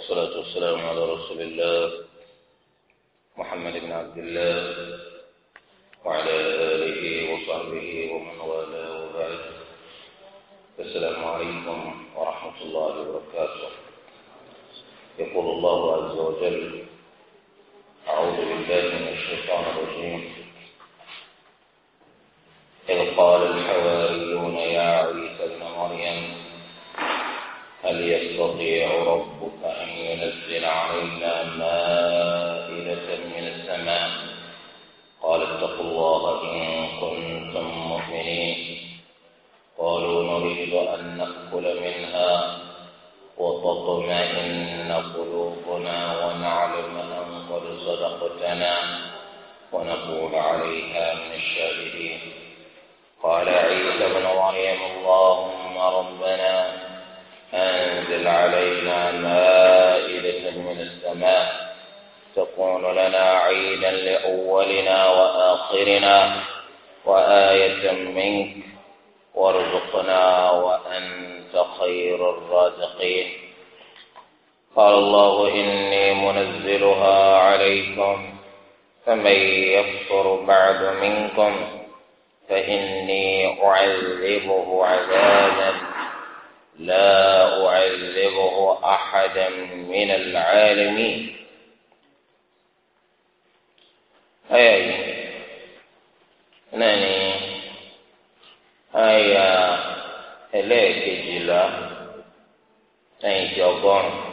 والصلاة والسلام على رسول الله محمد بن عبد الله وعلى آله وصحبه ومن والاه وبعد السلام عليكم ورحمة الله وبركاته يقول الله عز وجل أعوذ بالله من الشيطان الرجيم إذ قال الحواريون يا عيسى ابن مريم هل يستطيع ربك ينزل علينا مائدة من السماء قال اتقوا الله إن كنتم مؤمنين قالوا نريد أن نأكل منها وتطمئن قلوبنا ونعلم أن قد صدقتنا ونقول عليها من الشاهدين قال عيسى بن مريم اللهم ربنا أنزل علينا ماء نزل من السماء تكون لنا عيدا لأولنا وآخرنا وآية منك وارزقنا وأنت خير الرازقين قال الله إني منزلها عليكم فمن يكفر بعد منكم فإني أعذبه عذابا لا أعذبه أحدا من العالمين أي ناني أي يعني آية إليك جلا أي جوغون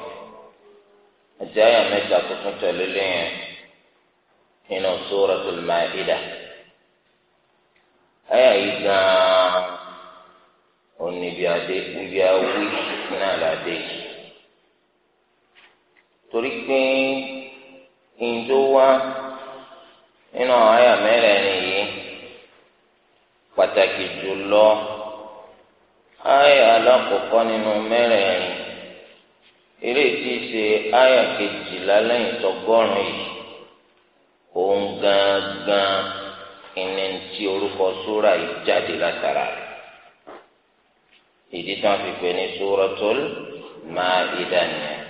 أجايا متى كنت للين هنا سورة المائدة أي إذا oníbi adé níbi na ala ade torí pé ìjọ wá nínú àwọn àyà mẹ́rẹ̀ẹ̀rin yìí pàtàkì jùlọ àyà alákọ̀ọ́kọ́ nínú mẹ́rẹ̀ẹ̀rin eré tí í ṣe àyà kejìlá lẹ́yìn tọgọ́rùn yìí òun gangan ìní tí orúkọ sóra yìí jáde látara ìdí tí wọn fi pè ní suratul Maida nìyẹn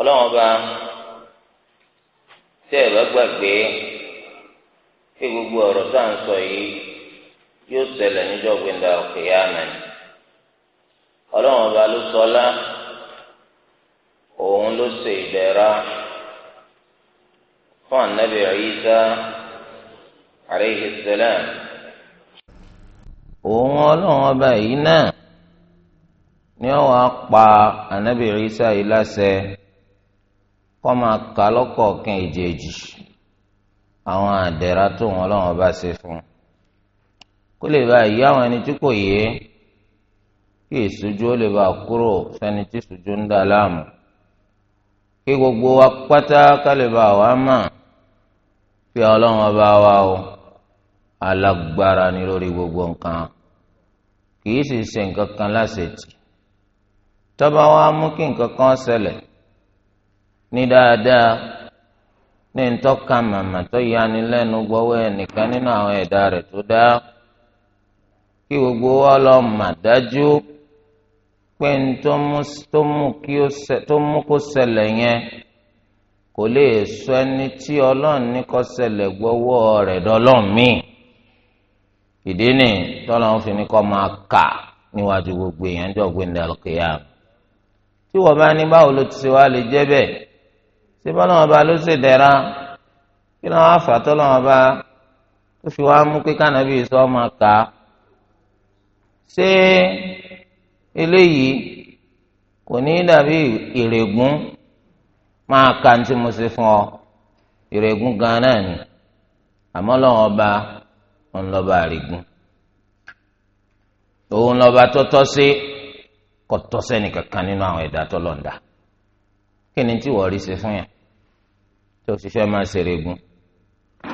ọlọ́run ọba tẹ́ ẹ̀ bá gbàgbé pé gbogbo ọ̀rọ̀ tá à ń sọ yìí yóò ṣẹlẹ̀ níjọ́ gbẹ̀ndà òkèèyà nàní ọlọ́run ọba ló sọlá òun ló ṣe ìdẹ̀ra fún ànábì Ìsá alayhi salam. òun ọlọ́run ọba yìí náà ni ó wàá pa ànábì Ìsá yìí láṣẹ kó máa kà lọ́kọ̀ọ̀kan èjèèjì àwọn àdẹ̀rà tó wọn ọlọ́run ọba ṣe fún un kó lè bá yí àwọn ẹni tí kò yé kí ìṣojú ó lè bá kúrò fẹni tí ìṣojú ń gbogbo wa pátá wa o. alágbára ni lórí gbogbo nǹkan kìí sì ṣe nǹkan kan láṣetì tọ́ba wa mú kí nǹkan kan ṣẹlẹ̀ ní dáadáa ní ntọ́ka màmá tó yani lẹ́nu gbọ́wọ́ ẹnìkan nínú àwọn ẹ̀dá rẹ̀ tó dá kí gbogbo wa lọ mà dájú pé n tó mú kó ṣẹlẹ̀ yẹn kò lè sọ ẹni tí ọlọ́run ní kó ṣẹlẹ̀ gbọ́wọ́ rẹ̀ dọ́lọ́mìn. ìdí ni tọ́lọ́ ń fi ní kọ́ máa kà níwájú gbogbo èèyàn jọ gbẹ̀ndẹ̀ àlùkìyà tí wọ́n bá ní báwo ló ti ṣe wá lè jẹ́ bẹ́ẹ̀ ṣé bọ́lá wọn bá ló ṣe dẹ́ra kí ló wá fà tọ́lọ́ wọn bá ó fi wá mú pé kánàbí sọ máa kà ṣé eléyìí kò ní dàbí ìrègùn máa ka ní tí mo ṣe fún ọ ìrègùn gan náà ni àmọ́ lọ́wọ́ ọba òun lọ́ba àrígún òun lọ́ba tó tọ́ sí kò tọ́ sẹ́ni kankan nínú àwọn ẹ̀dá tó lọ́ọ̀dà kí ni tí wọ́n rí ṣe fún yàn tó sì fẹ́ máa ṣe rẹ̀gùn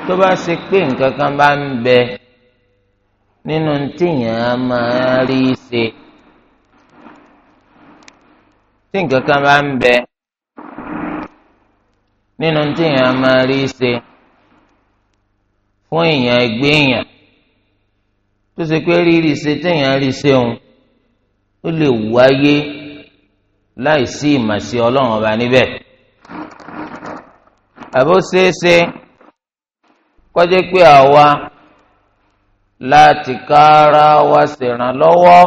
tó bá ṣe pé nǹkan kan bá ń bẹ nínú tíyàn á máa rí ṣe tí nǹkan kan bá ń bẹ nínú tíyàn á máa rí ṣe. fún èèyàn ẹgbẹ́ èèyàn tó ṣe pé rírì ṣe téèyàn rí ṣe òun ó lè wáyé láì sí ìmọ̀sí ọlọ́run ọba níbẹ̀ àbó ṣeéṣe kọjá pé àwa láti kára wa ṣèrànlọ́wọ́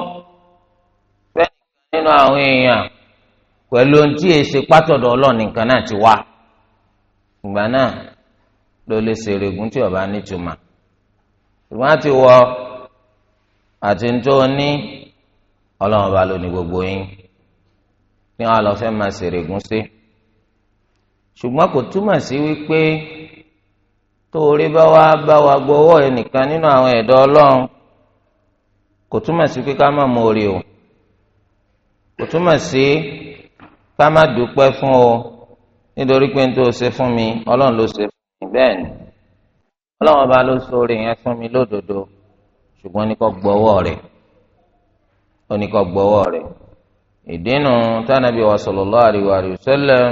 fẹ́ẹ́ nínú àwọn èèyàn pẹ̀lú ohun tí èsì pátọ̀dọ̀ ọlọ́run nìkan náà ti wá ìgbà náà ló lè ṣèrègùn tí ọba nítumà ṣùgbọ́n àti wọ àti tó ní ọlọ́run ọba ló ní gbogbo yín ní wọn lọ fẹ́ máa ṣèrègùn sí ṣùgbọ́n kò túmọ̀ sí wípé tó bá wá bá wa gbọ́wọ́ ẹnìkan nínú àwọn ẹ̀dọ́ ọlọ́run kò túmọ̀ sí pé ká má mọ orí o kò túmọ̀ sí ká má dúpẹ́ fún o nítorí pé n tó ṣe fún mi ọlọ́run ló ṣe bẹ́ẹ̀ ni ọlọ́wọ́n bá ló sóore yẹn fún mi lódodo ṣùgbọ́n ní kò gbọ́wọ́ rẹ̀ ó ní kò gbọ́wọ́ rẹ̀ ìdínú tánàbí wa sallallahu alaihi wa sallam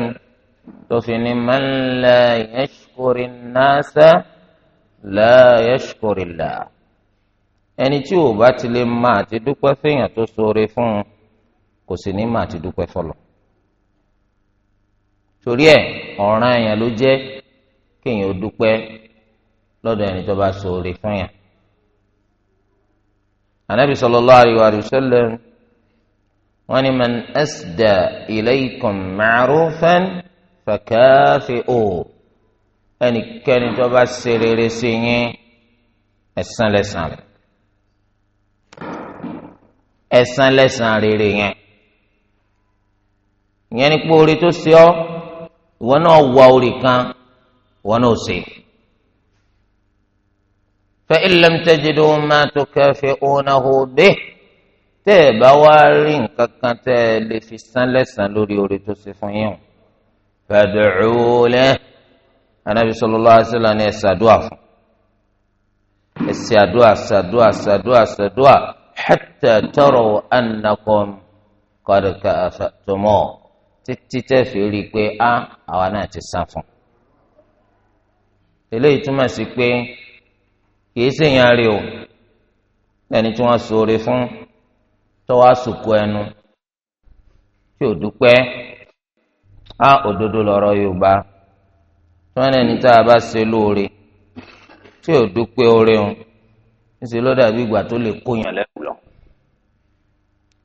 tó fi ní man la yashkuri nasa la yashkuri Allah ẹni tí ò bá ti lè máa ti dúpẹ́ fẹ́yàn tó sóore fún un kò sì ní máa ti dúpẹ́ fọlọ́ torí ẹ̀ ọ̀ràn yẹn ló jẹ́ kéèyàn ó dúpẹ́ lọ́dọ̀ ẹni tó bá ṣoore fún yàn. anabi sallallahu alayhi wa sallam wọn ni man asda ilaykum ma'rufan fakafi'u ẹnikẹ́ni tó bá ṣe rere sí yín ẹ̀san lẹ́san rẹ̀ ẹ̀san rere yẹn ìyẹn ni pé orí tó ṣe ọ́ ìwọ náà wá orí kan wọn náà ṣe. fa illam tajidu ma tukafi'unahu bih tẹ́ ẹ̀ bá wá rí nǹkan kan tẹ́ ẹ lè fi san lẹ́sàn lórí oore tó ṣe fún yín o. fad'u lahu anabi sallallahu alaihi wasallam ni ẹ ṣàdúà fún ẹ ṣàdúà ṣàdúà ṣàdúà ṣàdúà hatta taraw annakum qad ka'afatumuhu títí tẹ́ fi rí i pé a ah, àwa náà ti san fún eléyìí túmọ̀ sí pé kìí ṣèyàn rí o ẹni tí wọ́n sọ̀rọ̀ fún tọ́wọ́ àsùkò ẹnu tí ò dúpẹ́ á òdodo lọ́rọ̀ yorùbá tí wọ́n ẹni tá a bá ṣe lóore tí ò dúpẹ́ oore o níṣẹ́ ló dàbí ìgbà tó lè kóyàn lẹ́nu lọ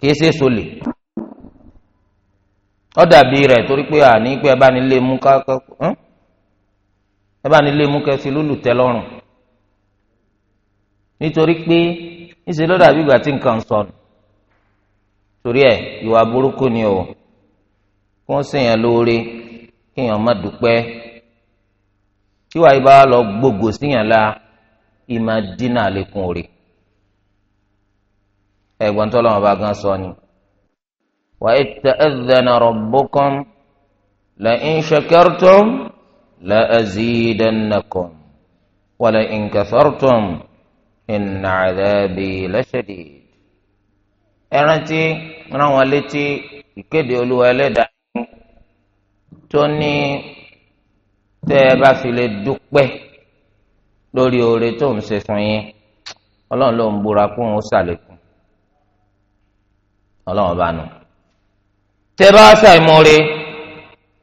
kìí ṣe sọlẹ̀ ó dàbí rẹ̀ torí pé àní pé ẹ mú ká kọ́kọ́ ẹ bá nílé mú kẹfì lólù tẹ́ lọ́rùn nítorí pé níṣẹ ló dàbí ìgbà tí nǹkan sọ torí ẹ ìwà burúkú ni o kí wọn ṣèyàn lóore kí èèyàn má dúpẹ́ tíwáá ibà lọ gbogbo síyàn la ìmà dínà àlékún òrè ẹ̀gbọ́n tó lọ́wọ́ bá gán sọ ni. wa idh ta'adhana rabbukum la in shakartum. لأزيدنكم ولئن كفرتم إن عذابي لشديد ẹrántí rán wọn létí ìkéde olúwa ẹlẹ́dàá tó ní tẹ́ ẹ bá fi lè dúpẹ́ lórí oore tó ń ṣe fún yín ọlọ́run ló ń búra kó ń ṣàlékún ọlọ́run bá nù tẹ́ bá ṣàìmọ́re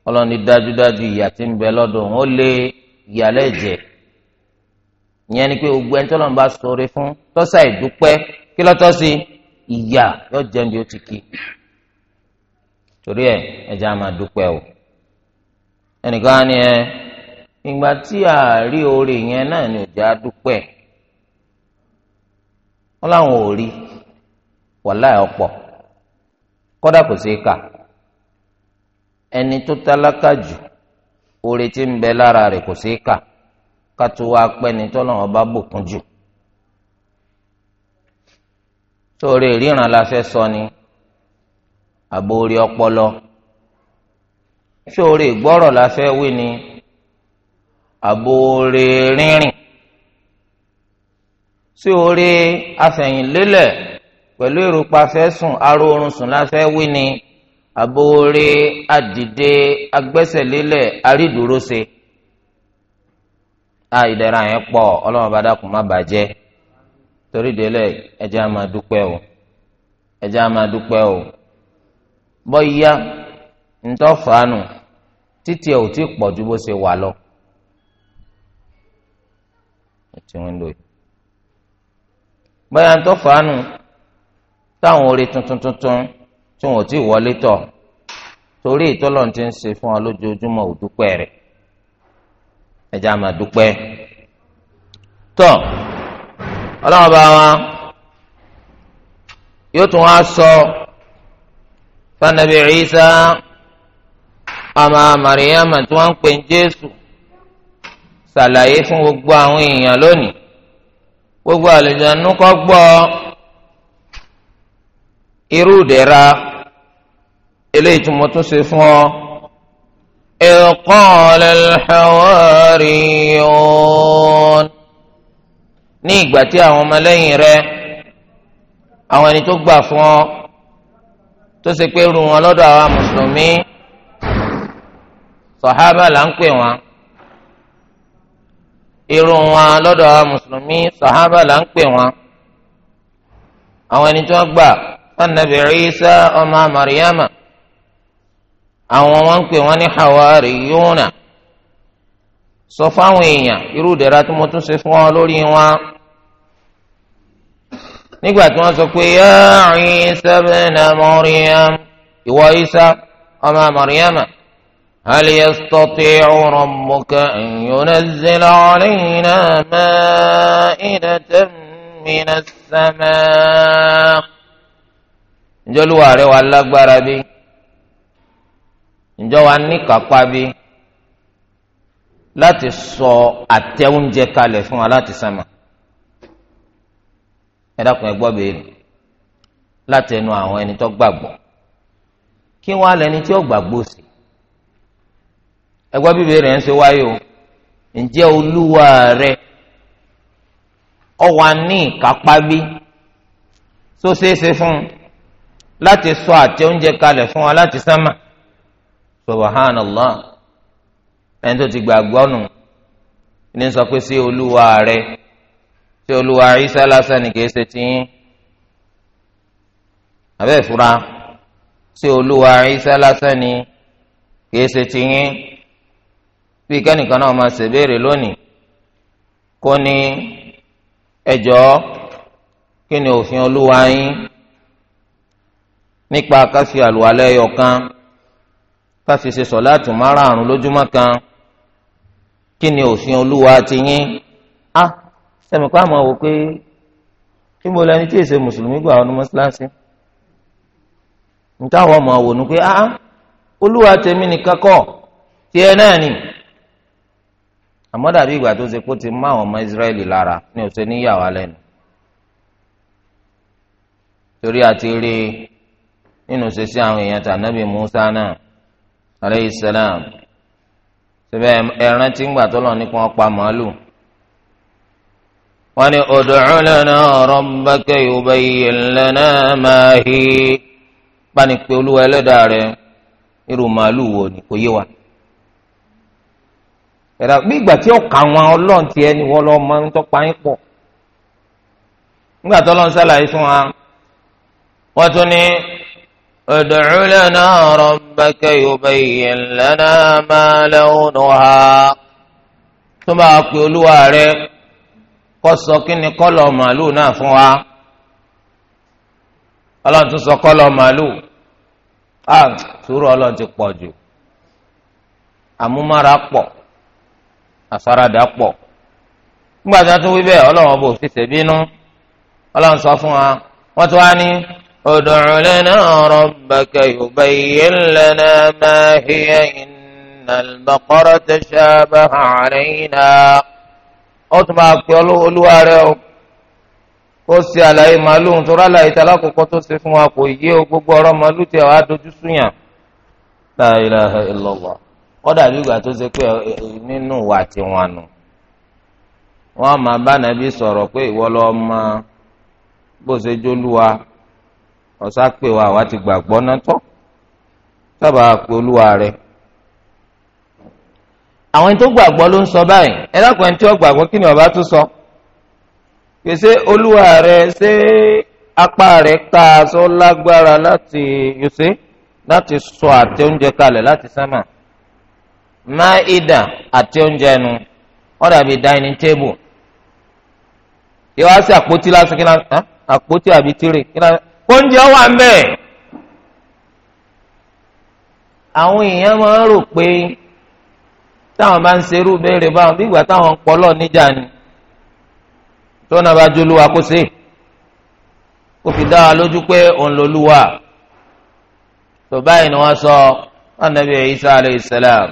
ọlọ́run ní dájúdájú ìyà tí ń bẹ lọ́dọ̀ ó lé ìyàlẹ́ ẹ̀jẹ̀ ìyẹn ni pé gbogbo ẹni tọ́lọ́run bá sọre fún tọ́sà ìdúpẹ́ kí lọ́tọ́ sí ìyà yóò jẹun bí ó ti kí torí ẹ ẹja máa dúpẹ́ o ẹnìkan á ní ẹ ìgbà tí àárí oore yẹn náà ni òjá dúpẹ́ wọn làwọn ò rí wàláì ọ̀pọ̀ kódà kò sí kà. ẹni tó tálákà jù oore tí ń bẹ lára rẹ̀ kò sí kà ká tó wá pẹ́ ni tọ́lọ̀ jù sórí ìríran la fẹ́ sọ ni àbórí ọpọlọ sórí ìgbọ́rọ̀ la fẹ́ wí ni àbórí rínrìn sí orí afẹ̀yìnlélẹ̀ pẹ̀lú sùn sùn la fẹ́ wí ni. abóore adìde agbẹ́sẹ̀lélẹ̀ arídùúróṣe a ìdẹ̀ra yẹn pọ̀ ọlọ́run bá dákun má bàjẹ́ torí délẹ̀ ẹjẹ́ á máa dúpẹ́ o ẹjẹ́ á máa dúpẹ́ o bọ́yá ntọ́fàánù títí ẹ̀ ò tí tí wọn ò tí ì wọlé tọ̀ torí ìtọ́lọ̀ ti ń ṣe fún wa lójoojúmọ́ òdúpẹ́ rẹ̀ ẹ̀já máa dúpẹ́ tọ́ ọlọ́run bá wa yóò tún wá sọ fanabi Isa ọmọ Maryam tí wọ́n ń pè ní Jésù ṣàlàyé fún gbogbo àwọn èèyàn lónìí gbogbo àlejò ẹnu kọ́ gbọ́ ọ. irú ìdẹ̀ra eléyìí tí mo tún ṣe fún ọ. إذ قال الحواريون ní ìgbà tí àwọn ọmọlẹ́yìn rẹ̀ àwọn ẹni tó gbà fún ọ tó ṣe pé rú wọn lọ́dọ̀ àwa mùsùlùmí sọ̀hábà là ń pè wọ́n anabi Isa ọmọ Mariama àwọn wọn ń pè wọn ní Hawariyuna sọ fáwọn èèyàn irú ìdẹ̀ra tí mo tún ṣe fún ọ lórí wọn nígbà tí wọ́n sọ pé ya Isa ibn Maryam ìwọ Isa ọmọ Mariama hal yastati'u rabbuka an yunazzila 'alayna ma'idatan minas samaa. ǹjọ́ oluwa rẹ̀ alagbara lágbára bí ǹjọ́ wa níkàpá bí láti sọ àtẹ oúnjẹ kalẹ̀ fún wa láti sánmà ẹ dákun ẹ gbọ́ láti ẹnu àwọn ẹni tó gbàgbọ́ kí wọ́n á lẹni tí ó gbàgbọ́ sí ẹ gbọ́ bíbèrè ń ṣe wáyé o ǹjẹ́ olúwa rẹ̀ ọ fún un. láti sọ àtẹ oúnjẹ kalẹ̀ fún wa láti sámà subhanallah ẹni tó ti gbàgbọ́ nù ní sọ pé sí olúwa rẹ sí olúwa Isa lásán ni kìí ṣe tiyín abẹ́ ìfura sí olúwa Isa lásán ni kìí ṣe tiyín bí kẹ́nìkan náà máa ṣèbéèrè lónìí kó ní ẹjọ́ kí ni òfin olúwa yín nípa káfí àlùwalẹ̀ ẹyọ kan káfí ṣe sọ̀láàtù márààrún lójúmọ́ kan kí ni òfin olúwa ti yín á sẹ́mi kó àmọ́ wò pé kí mo lẹni tí èsè mùsùlùmí gbà ọ́nù mọ́sálásí níta àwọn ọmọ wò ni pé á olúwa tèmi nìkan kọ́ tiẹ̀ náà ni àmọ́ dàbí ìgbà tó ṣe kó ti má àwọn ọmọ Ísírẹ́lì lára ní òṣèlú níyàwó alẹ́ nu torí àti rí i nínú sisi àwọn èèyàn tà nábì Musa náà aleyhi salam síbẹ̀ ẹran tí ń gbà tó lọ ní kí màálù. wọ́n ní ud'u lana rabbaka iye lana ma hi pani pé olúwa ẹlẹ́dàá rẹ irú màálù wo ni kò yé wa. ẹ̀rọ bí ìgbà tí ọkà wọn ọlọ́run tiẹ̀ ni wọ́n máa ń tọ́pa yín pọ̀. ادع لنا ربك يبين لنا ما لونها tó bá pe olúwa rẹ sọ ادع لنا ربك يبين لنا ما هي إن البقرة تشابه علينا أطبع كيولو الوارو kó ṣe wa o gbogbo ọ̀rọ̀ màálù tí La ilaha illallah kódà bí ìgbà tó ṣe pé nínú ìwà tiwọn nù wọn máa bá nàbí pé ọ̀sá pé wa àwa ti gbàgbọ́ náà tọ́ sábà pé olúwa rẹ̀ àwọn ẹni tó gbàgbọ́ ló ń sọ báyìí ẹ dákun ẹni tí wọ́n gbàgbọ́ kí ni ọba tún sọ pèsè olúwa rẹ̀ ṣé apá rẹ̀ ká aṣọ lágbára láti yòsè láti sọ àti oúnjẹ kalẹ̀ láti sámà máa ìdà àti oúnjẹ ẹnu ó dàbí dining table yóò wá sí àpótí lásìkò àpótí àbí tírè kí náà oúnjẹ wà ń bẹ̀ àwọn èèyàn máa ń rò pé táwọn bá ń serú béèrè báwọn bí ìgbà táwọn ń pọlọ níjà ni tó náà bá jolúwa kó ṣe kó fi dá wa lójú pé òun lolúwa tó báyìí ni wọ́n sọ anabi isa alayhi salam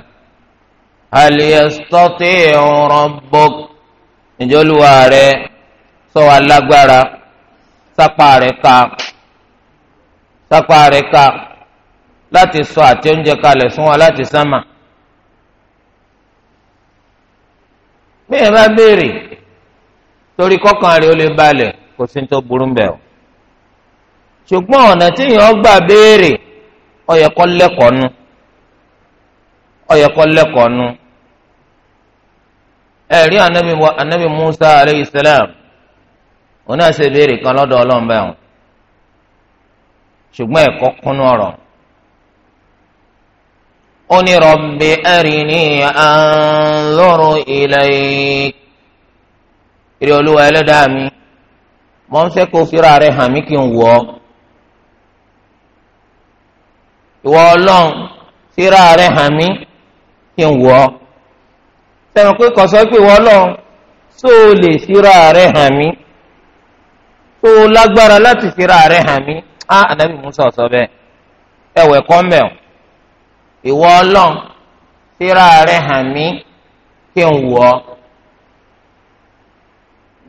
hal yastati'u rabbuk ǹjẹ́ sọ wà lágbára sápá rẹ̀ ká. tápá rẹ̀ ká láti sọ àti oúnjẹ kalẹ̀ fún wa láti sámà. bẹ́ẹ̀ bá béèrè torí kọ́kàn rẹ̀ ó lè balẹ̀ kò sí tó burú bẹ́ẹ̀ o. ṣùgbọ́n ọ̀nà tí èèyàn gbà béèrè ó eri lẹ́kọ̀ọ́ anabi Musa aleyhisselam òun náà ṣe kan lọ́dọ̀ ọlọ́run bẹ́ẹ̀ ṣùgbọ́n ẹ̀kọ́ kúnú ọ̀rọ̀ ó ní rọ̀bì ẹ̀rìní àńlọ́rọ̀ ilẹ̀ ìrẹ̀ olúwa ẹlẹ́dàá mi mo ń fẹ́ kó fira rẹ̀ hàn mí kí n wọ̀ ọ́ ìwọ ọlọ́run fira rẹ̀ hàn mí kí n wọ̀ ọ́ sẹ́wọ̀n pé kọ̀sọ́ pé ìwọ ọlọ́run tó o lè fira rẹ̀ hàn mí tó o lágbára láti fira rẹ̀ hàn mí á anabi musa sọ bẹ́ẹ̀ ẹ̀wẹ̀ kọ́mbẹ̀ ìwọ ọlọ́n síra rẹ̀ hàn mí kí n wọ̀ ọ́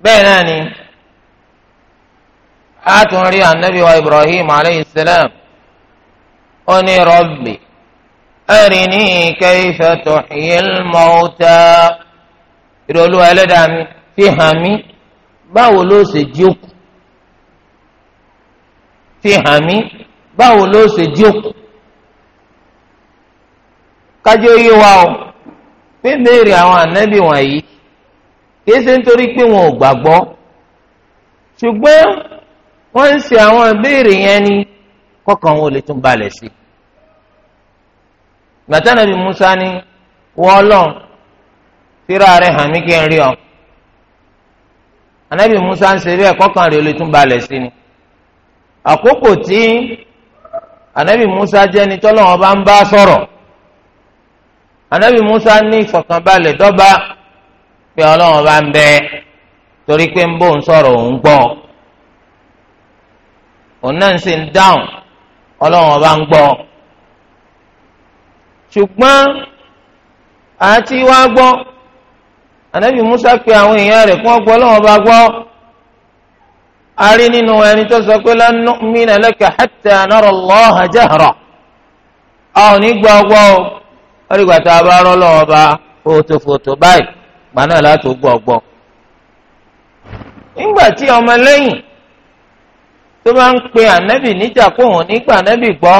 bẹ́ẹ̀ náà ni a tún rí anabi wa ibrahim aleyhi salam ó ní rọ́bì ẹ̀rìní kayfa tuhyil mauta ìrọ̀lú ẹlẹ́dàá mi fi hàn mí báwo ló ṣe jókòó. fi hàn mí báwo ló ṣe jókòó kájọ wa o bíbélì àwọn ànábì wọ̀nyí kìí ṣe nítorí pé wọn ò gbàgbọ́ ṣùgbọ́n wọ́n ń ṣe àwọn ìbéèrè yẹn ni kọ́kàn wọn ò lè tún balẹ̀ sí gbàtànàbí Musa ni wọ́n lọ síra rẹ̀ hàn mí kí n rí ọ ànábì Musa ń ṣe bẹ́ẹ̀ kọ́kàn rẹ̀ ò lè tún balẹ̀ sí ni. àkókò tí anabi musa jẹni tọ́lọ́wọ́n bá ń bá sọ̀rọ̀ anabi musa ní ìfọ̀kànbalẹ̀ dọ́ba pé ọlọ́wọ́n bá ń bẹ torí pé ń bò ń sọ̀rọ̀ òun gbọ́ òun náà ń sì ń dáhùn ọlọ́wọ́n bá ń gbọ́ ṣùgbọ́n àti wá gbọ́ anabi musa pe àwọn èèyàn rẹ̀ kí wọ́n gbọ́ bá gbọ́. a rí nínú ẹni tó sọ pé lan nu'mina laka hatta nara Allaha jahra a ò ní gbọ́ ọgbọ́ o wọ́n bá rọ́ lọ́wọ́ bá fòtòfòtò báyìí gbaná láti gbọ́ nígbà tí tó bá ń pe ànábì níjà kóhùn nígbà ànábì gbọ́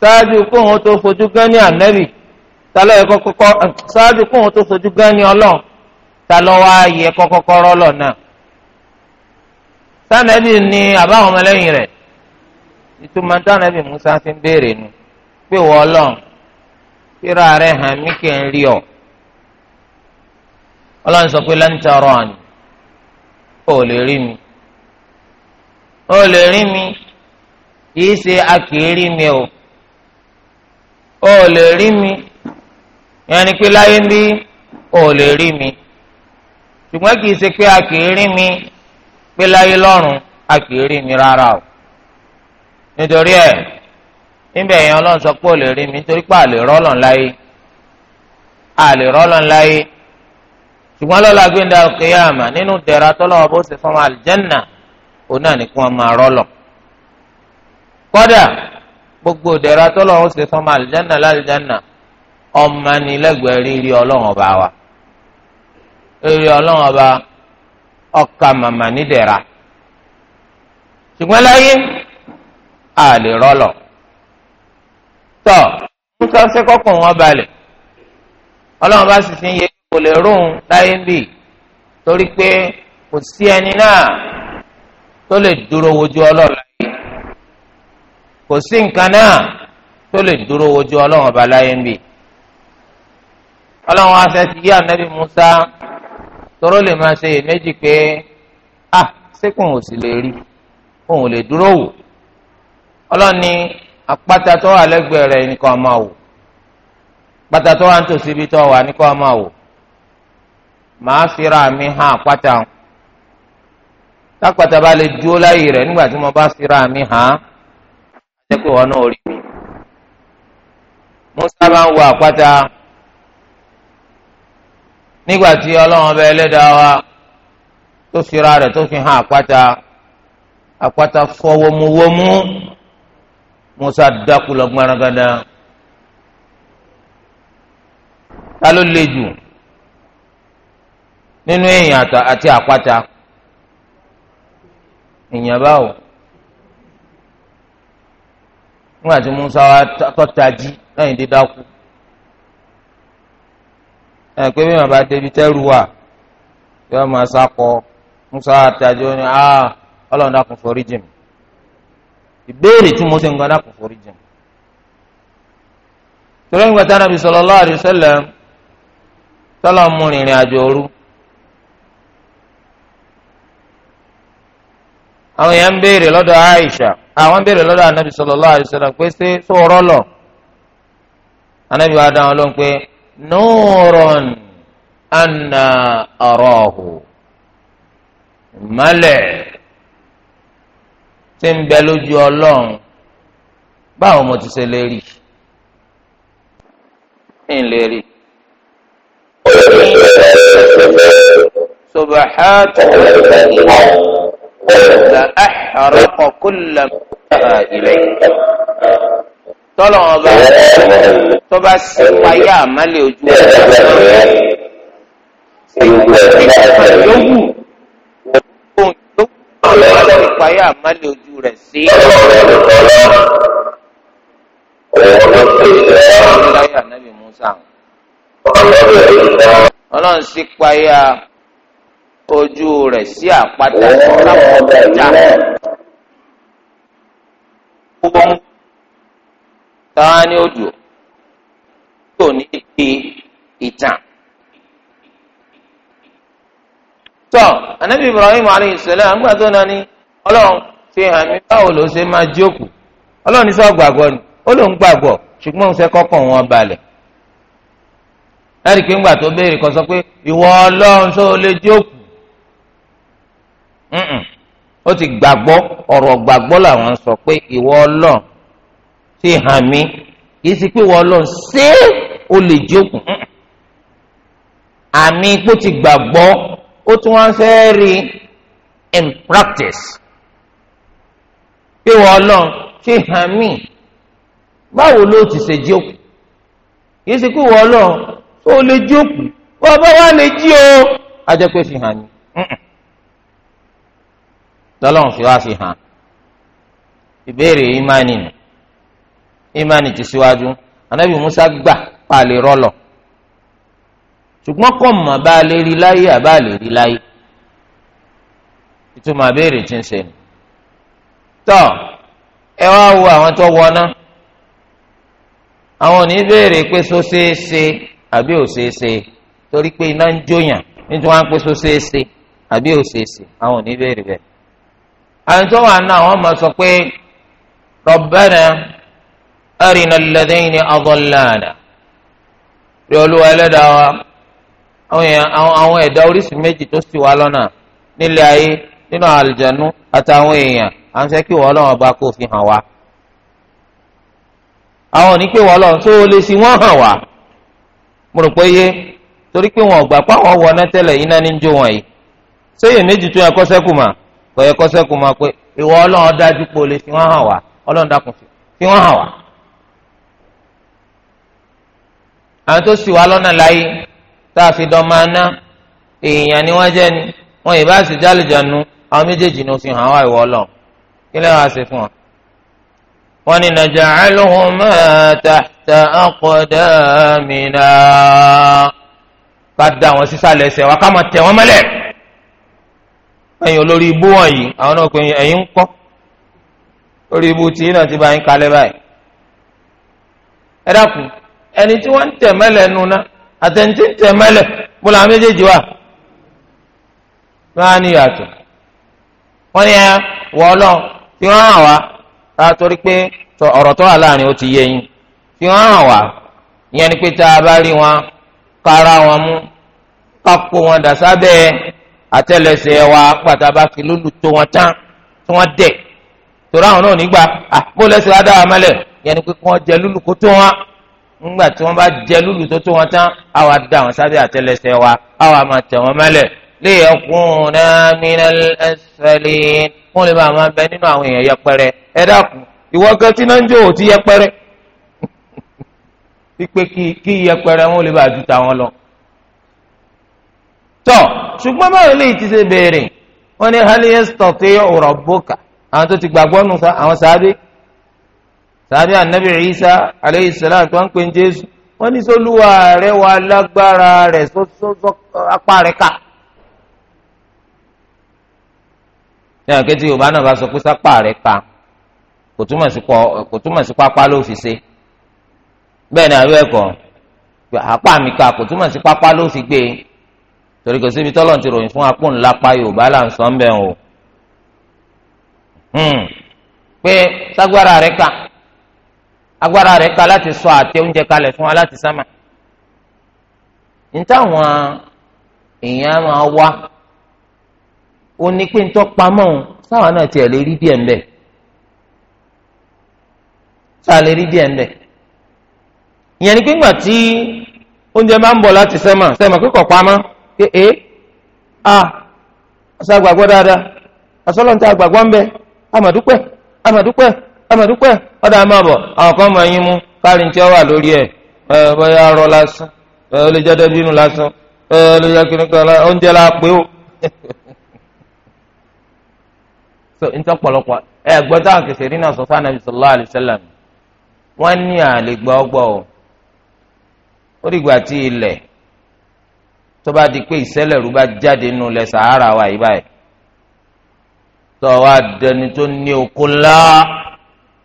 ṣáájú kóhùn tó fojú ní tálọ́ ṣáájú sànẹ́bì ni àbáwọn ọmọlẹ́yìn rẹ̀ ìtumọ̀ Musa fi ń béèrè nu pé wọ́n ọlọ́run kíra rẹ̀ hàn mí kì í rí ọ ọlọ́run sọ pé lẹ́ńtà lè rí mi O lè rí mi kì í ṣe a kì í rí mi o ó lè rí mi yẹn pé láyé ń lè rí mi ṣùgbọ́n kì í ṣe a kì í mi. pé láyé lọ́run a kì í rí mi rárá o nítorí ẹ̀ níbẹ̀ yẹn ọlọ́run sọ pé ò lè rí mi nítorí pé àlè rọ́lọ̀ láyé àlè rọ́lọ̀ láyé ṣùgbọ́n lọ́la gbẹ̀ndà al-qiyama nínú dẹ̀ra tọ́lọ́wọ́ bó ṣe fọ́n àlìjẹ́nà òun náà ní kí wọ́n máa rọ́lọ̀ kọ́dà gbogbo dẹ̀ra tọ́lọ́wọ́ ṣe fọ́n àlìjẹ́nà lálìjẹ́nà ọmọnilẹ́gbẹ̀ẹ́ rírí ọlọ́run ọba wa rírí ọlọ́run ọba ọkà màmá nídẹ̀ra ṣùgbọ́n láyé a lè rọlọ̀ tọ́ nǹkan ṣe kọ́kọ́ wọn balẹ̀ ọlọ́run bá sì ṣe ń yẹ kò lè rún láyé bì torí pé kò sí ẹni náà tó lè dúró wojú ọlọ́run láyé kò sí nǹkan náà Musa. tọrọ lè máa ṣe èméjì pé Ha ah, sékùn ò sì lè rí òun ò lè dúró wò ọlọ́ni àpáta tó wà lẹ́gbẹ̀ẹ́ rẹ̀ nìkan máa wò àpáta tó wà ibi tó wà nìkan máa wò màá fira mi hàn àpáta hàn tápàtà bá lè láyè rẹ̀ nígbà mo bá fira mi hàn á jẹ́ pé wọn náà rí mi. Musa bá ń wo nígbà tí ọlọ́run ọba ẹlẹ́dàá wa tó fira rẹ̀ tó fi hàn àpáta àpáta fọ́ wọ́múwọ́mú Musa dákú lọ gbaragada ta ló le jù nínú èèyàn àti àpáta èèyàn báwo nígbà tí Musa wa tọ́ta jí lẹ́yìn dídákú. ẹ pé bí màbá débi tẹ́rù wà yóò máa sákọ musa àtàjọ ni a ọlọ́run dákun forí jìn ìbéèrè tí mo ṣe ń gan dákun forí jìn. torí ń gbàtà nàbì sallallahu alaihi wasallam tọ́lọ̀ mú rìnrìn àjò òru. àwọn ń Aisha àwọn ń béèrè lọ́dọ̀ anabi sallallahu alaihi wasallam pé ṣé sóòrọ́ lọ anabi wa dáhùn nuurun anna arahu mọ́lẹ̀ tí ń bẹ lójú Ọlọ́run báwo mo ti ṣe lè rí ń lè rí. سبحات الذي سأحرق كل ما إليه tọ́lọ̀ ọba tọ́ba sí wáyé àmàlẹ̀ ojú yòówù ohun yòówù tọ́lọ̀ wáyé àmàlẹ̀ ojú rẹ̀ sí. ọlọ́yà nàbì musa ọlọ́run sí payá ojú rẹ̀ sí àpáta láwọn ọjà. táwa ní odò tó ní pé ìtàn. tọ́ anabi ibrahim alayhi salam ńgbà tó nani ọlọ́run fi hàn mí báwo ló ṣe máa jókòó ọlọ́run sọ gbàgbọ́ ni ó lóun gbàgbọ́ ṣùgbọ́n òun ṣe kọ́kàn wọn balẹ̀ ẹ̀ríkì ńgbà tó béèrè kan sọ pé ìwọ ọlọ́run tó lè jókòó ó ti gbàgbọ́ ọ̀rọ̀ gbàgbọ́ làwọn fi hàn mí kì í sì pé wọ́n lọ ṣé o lè jókòó àmì pé ti gbàgbọ́ ó tún wá fẹ́ rí in practice pé wọ́n lọ fi hàn mí báwo ló ti ṣe jókòó kì í sì pé wọ́n lọ tó o lè jókòó wọ́n bá wà lè jí o ajẹ́ pé fi hàn mí lọ́lọ́run fi wá fi hàn ìbéèrè yìí máa nìyẹn. imani ti síwájú anabi musa gba paálí rọlọ ṣùgbọ́n kò mọ̀ bá a lè rí láyé àbá a lè rí láyé ìtumọ̀ abéèrè ti ń ṣe ni. tọ́ ẹ wá wo àwọn tó wọná àwọn ò ní béèrè pé so ṣeé ṣe àbí ò ṣeé ṣe torí pé iná ń jóyàn wà sọ pé أرنا الذين أضلانا يقولوا ألدا àwọn ẹ̀dá oríṣi méjì tó sì wá lọ́nà nílé ayé nínú àlùjànnú àtàwọn èèyàn à ń fẹ́ kí wọ́n hàn wá. àwọn tó o lè sí wọ́n hàn wá. mo rò pé yé torí pé wọn ò gbà páwọn wọ iná ní jó wọn yìí. méjì tó yẹ mà yẹ mà pé ìwọ hàn wá àwọn tó sì wá lọ́nà láyé tá a fi dán máa ná èèyàn ni wọ́n jẹ́ ni wọn ì bá sì jálèjánu àwọn méjèèjì ni ó fi hàn wá ìwọ lọ kí lẹ́wọ̀n á ṣe fún ọ. wọ́n ní naj'aluhuma tahta aqdamina ká da àwọn sísàlẹ̀ ẹsẹ̀ wa ká máa tẹ̀ wọ́n mọ́lẹ̀ ẹ̀yin olórí ibú wọ̀nyí àwọn náà pè ẹ̀yin ń kọ́ lórí ibú tí náà ti bá yín kalẹ̀ báyìí ẹ dákun ẹni tí wọ́n ń tẹ̀mẹ́lẹ̀ nu ná àtẹ̀ntì ń tẹ̀mẹ́lẹ̀ bó la méjèèjì wà wọ́n á ní yàtọ̀ wọ́n ní ẹ wọ́ lọ fi wọ́n hàn wá tá a torí pé ọ̀rọ̀ tó wà láàrin ó ti yé yín fi wọ́n hàn wá ìyẹn ni pé tá a bá rí wọn kára wọn mú ká wọn dà sábẹ́ àtẹlẹsẹ̀ wa pàtàkì bá fi lólu tó wọn tán tí wọ́n dẹ̀ torí àwọn náà nígbà àpò lẹ́sẹ̀ adá wa ìyẹn ni pé kí wọ́n jẹ lólu kó tó wọn ńgbà tí wọ́n bá jẹ lúlù tó tó wọn tán àwa dá wọn sábẹ́ àtẹ́lẹsẹ̀ wa àwa máa tẹ̀ wọ́n mẹ́lẹ̀ liyakuna minal asfalin wọ́n lè máa máa bẹ nínú àwọn èèyàn yẹpẹrẹ ẹ dákun ìwọ kan tí náà ń jò tí yẹpẹrẹ pípé kí yẹpẹrẹ wọ́n lè bá ju tàwọn lọ. tọ ṣùgbọ́n báwo lè ti ṣe béèrè wọ́n ní hal yastati'u rabbuka àwọn tó ti gbàgbọ́ nù àwọn sáábì sàbí anabi isa aleyhi salam tó ń pè ń jésù wọ́n ní sọlúwa rẹ̀ wà lágbára rẹ̀ sọsọ apá rẹ̀ ká. ní àkété yorùbá náà bá sọ pé sápá rẹ̀ ká kò túmọ̀ sí pápá ló fi ṣe bẹ́ẹ̀ ni àwọn ẹ̀kọ́ apá mi ká kò túmọ̀ sí pápá ló fi gbé torí kò síbi tọ́lọ̀ ti ròyìn fún apó ńlá pa yorùbá là ń sọ ń bẹ̀ o hmm. pé sagbára rẹ̀ ká. agbára rẹ ká láti sọ àtẹ oúnjẹ kalẹ fún wa láti sámà nítawọ̀n èèyàn máa wá ó pamọ́ sáwọn náà tiẹ̀ lè rí ń bẹ̀ sáà lè rí ń bẹ̀ ìyẹn ni pé tí oúnjẹ máa ń bọ̀ láti sẹ́mà sẹ́mà kíkọ̀ a ọ̀sán àgbàgbọ́ dáadáa àsọlọ́ntà àgbàgbọ́ ń bẹ àmàdúpẹ́ amẹ̀dúpẹ́ ọ̀dà máa bọ̀ àwọn kan máa yín mú kárí ní tí wọ́n wà lórí ẹ̀ ẹ bóyá arọ lásán ẹ ó lè jẹ́ dẹ́bínú lásán ẹ ó lè jẹ́ kíníkan oúnjẹ la pé ó. so n tọ́ pọ̀lọpọ̀ ẹ gbọ́ táwọn kẹsẹ̀ rí náà sọ fún anabi sallallahu alayhi wa sallam wọ́n ní àlè gbọ́ ọgbọ́ o ó dìgbà tí ilẹ̀ tó bá di pé ìṣẹ̀lẹ̀ bá jáde nù lẹ̀ sahara wa yìí báyìí tọ́ wa dẹni tó ní okun láà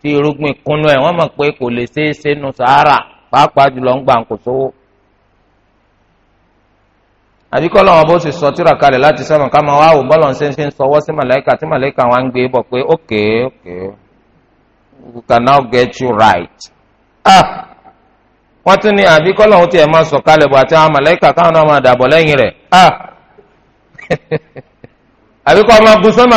tí irúgbìn kúnú ẹ̀ wọ́n mọ̀ pé kò lè ṣeé ṣe nu pàápàá jùlọ ń gbà kò sówó. àbí kọ́ lọ́wọ́ bó ṣe sọ tíra kalẹ̀ láti sọ́mọ̀ ká máa wá wò bọ́lọ̀ ń ṣe ń ṣe ń sọwọ́ sí màláìka tí màláìka wọn ń gbé bọ̀ pé you can now get you right. ah wọ́n tún ní àbí kọ́ lọ́wọ́ máa sọ kalẹ̀ bọ̀ àti àwọn màláìka káwọn dàbọ̀ lẹ́yìn rẹ̀ ah àbí kọ́ máa bu sọ́mà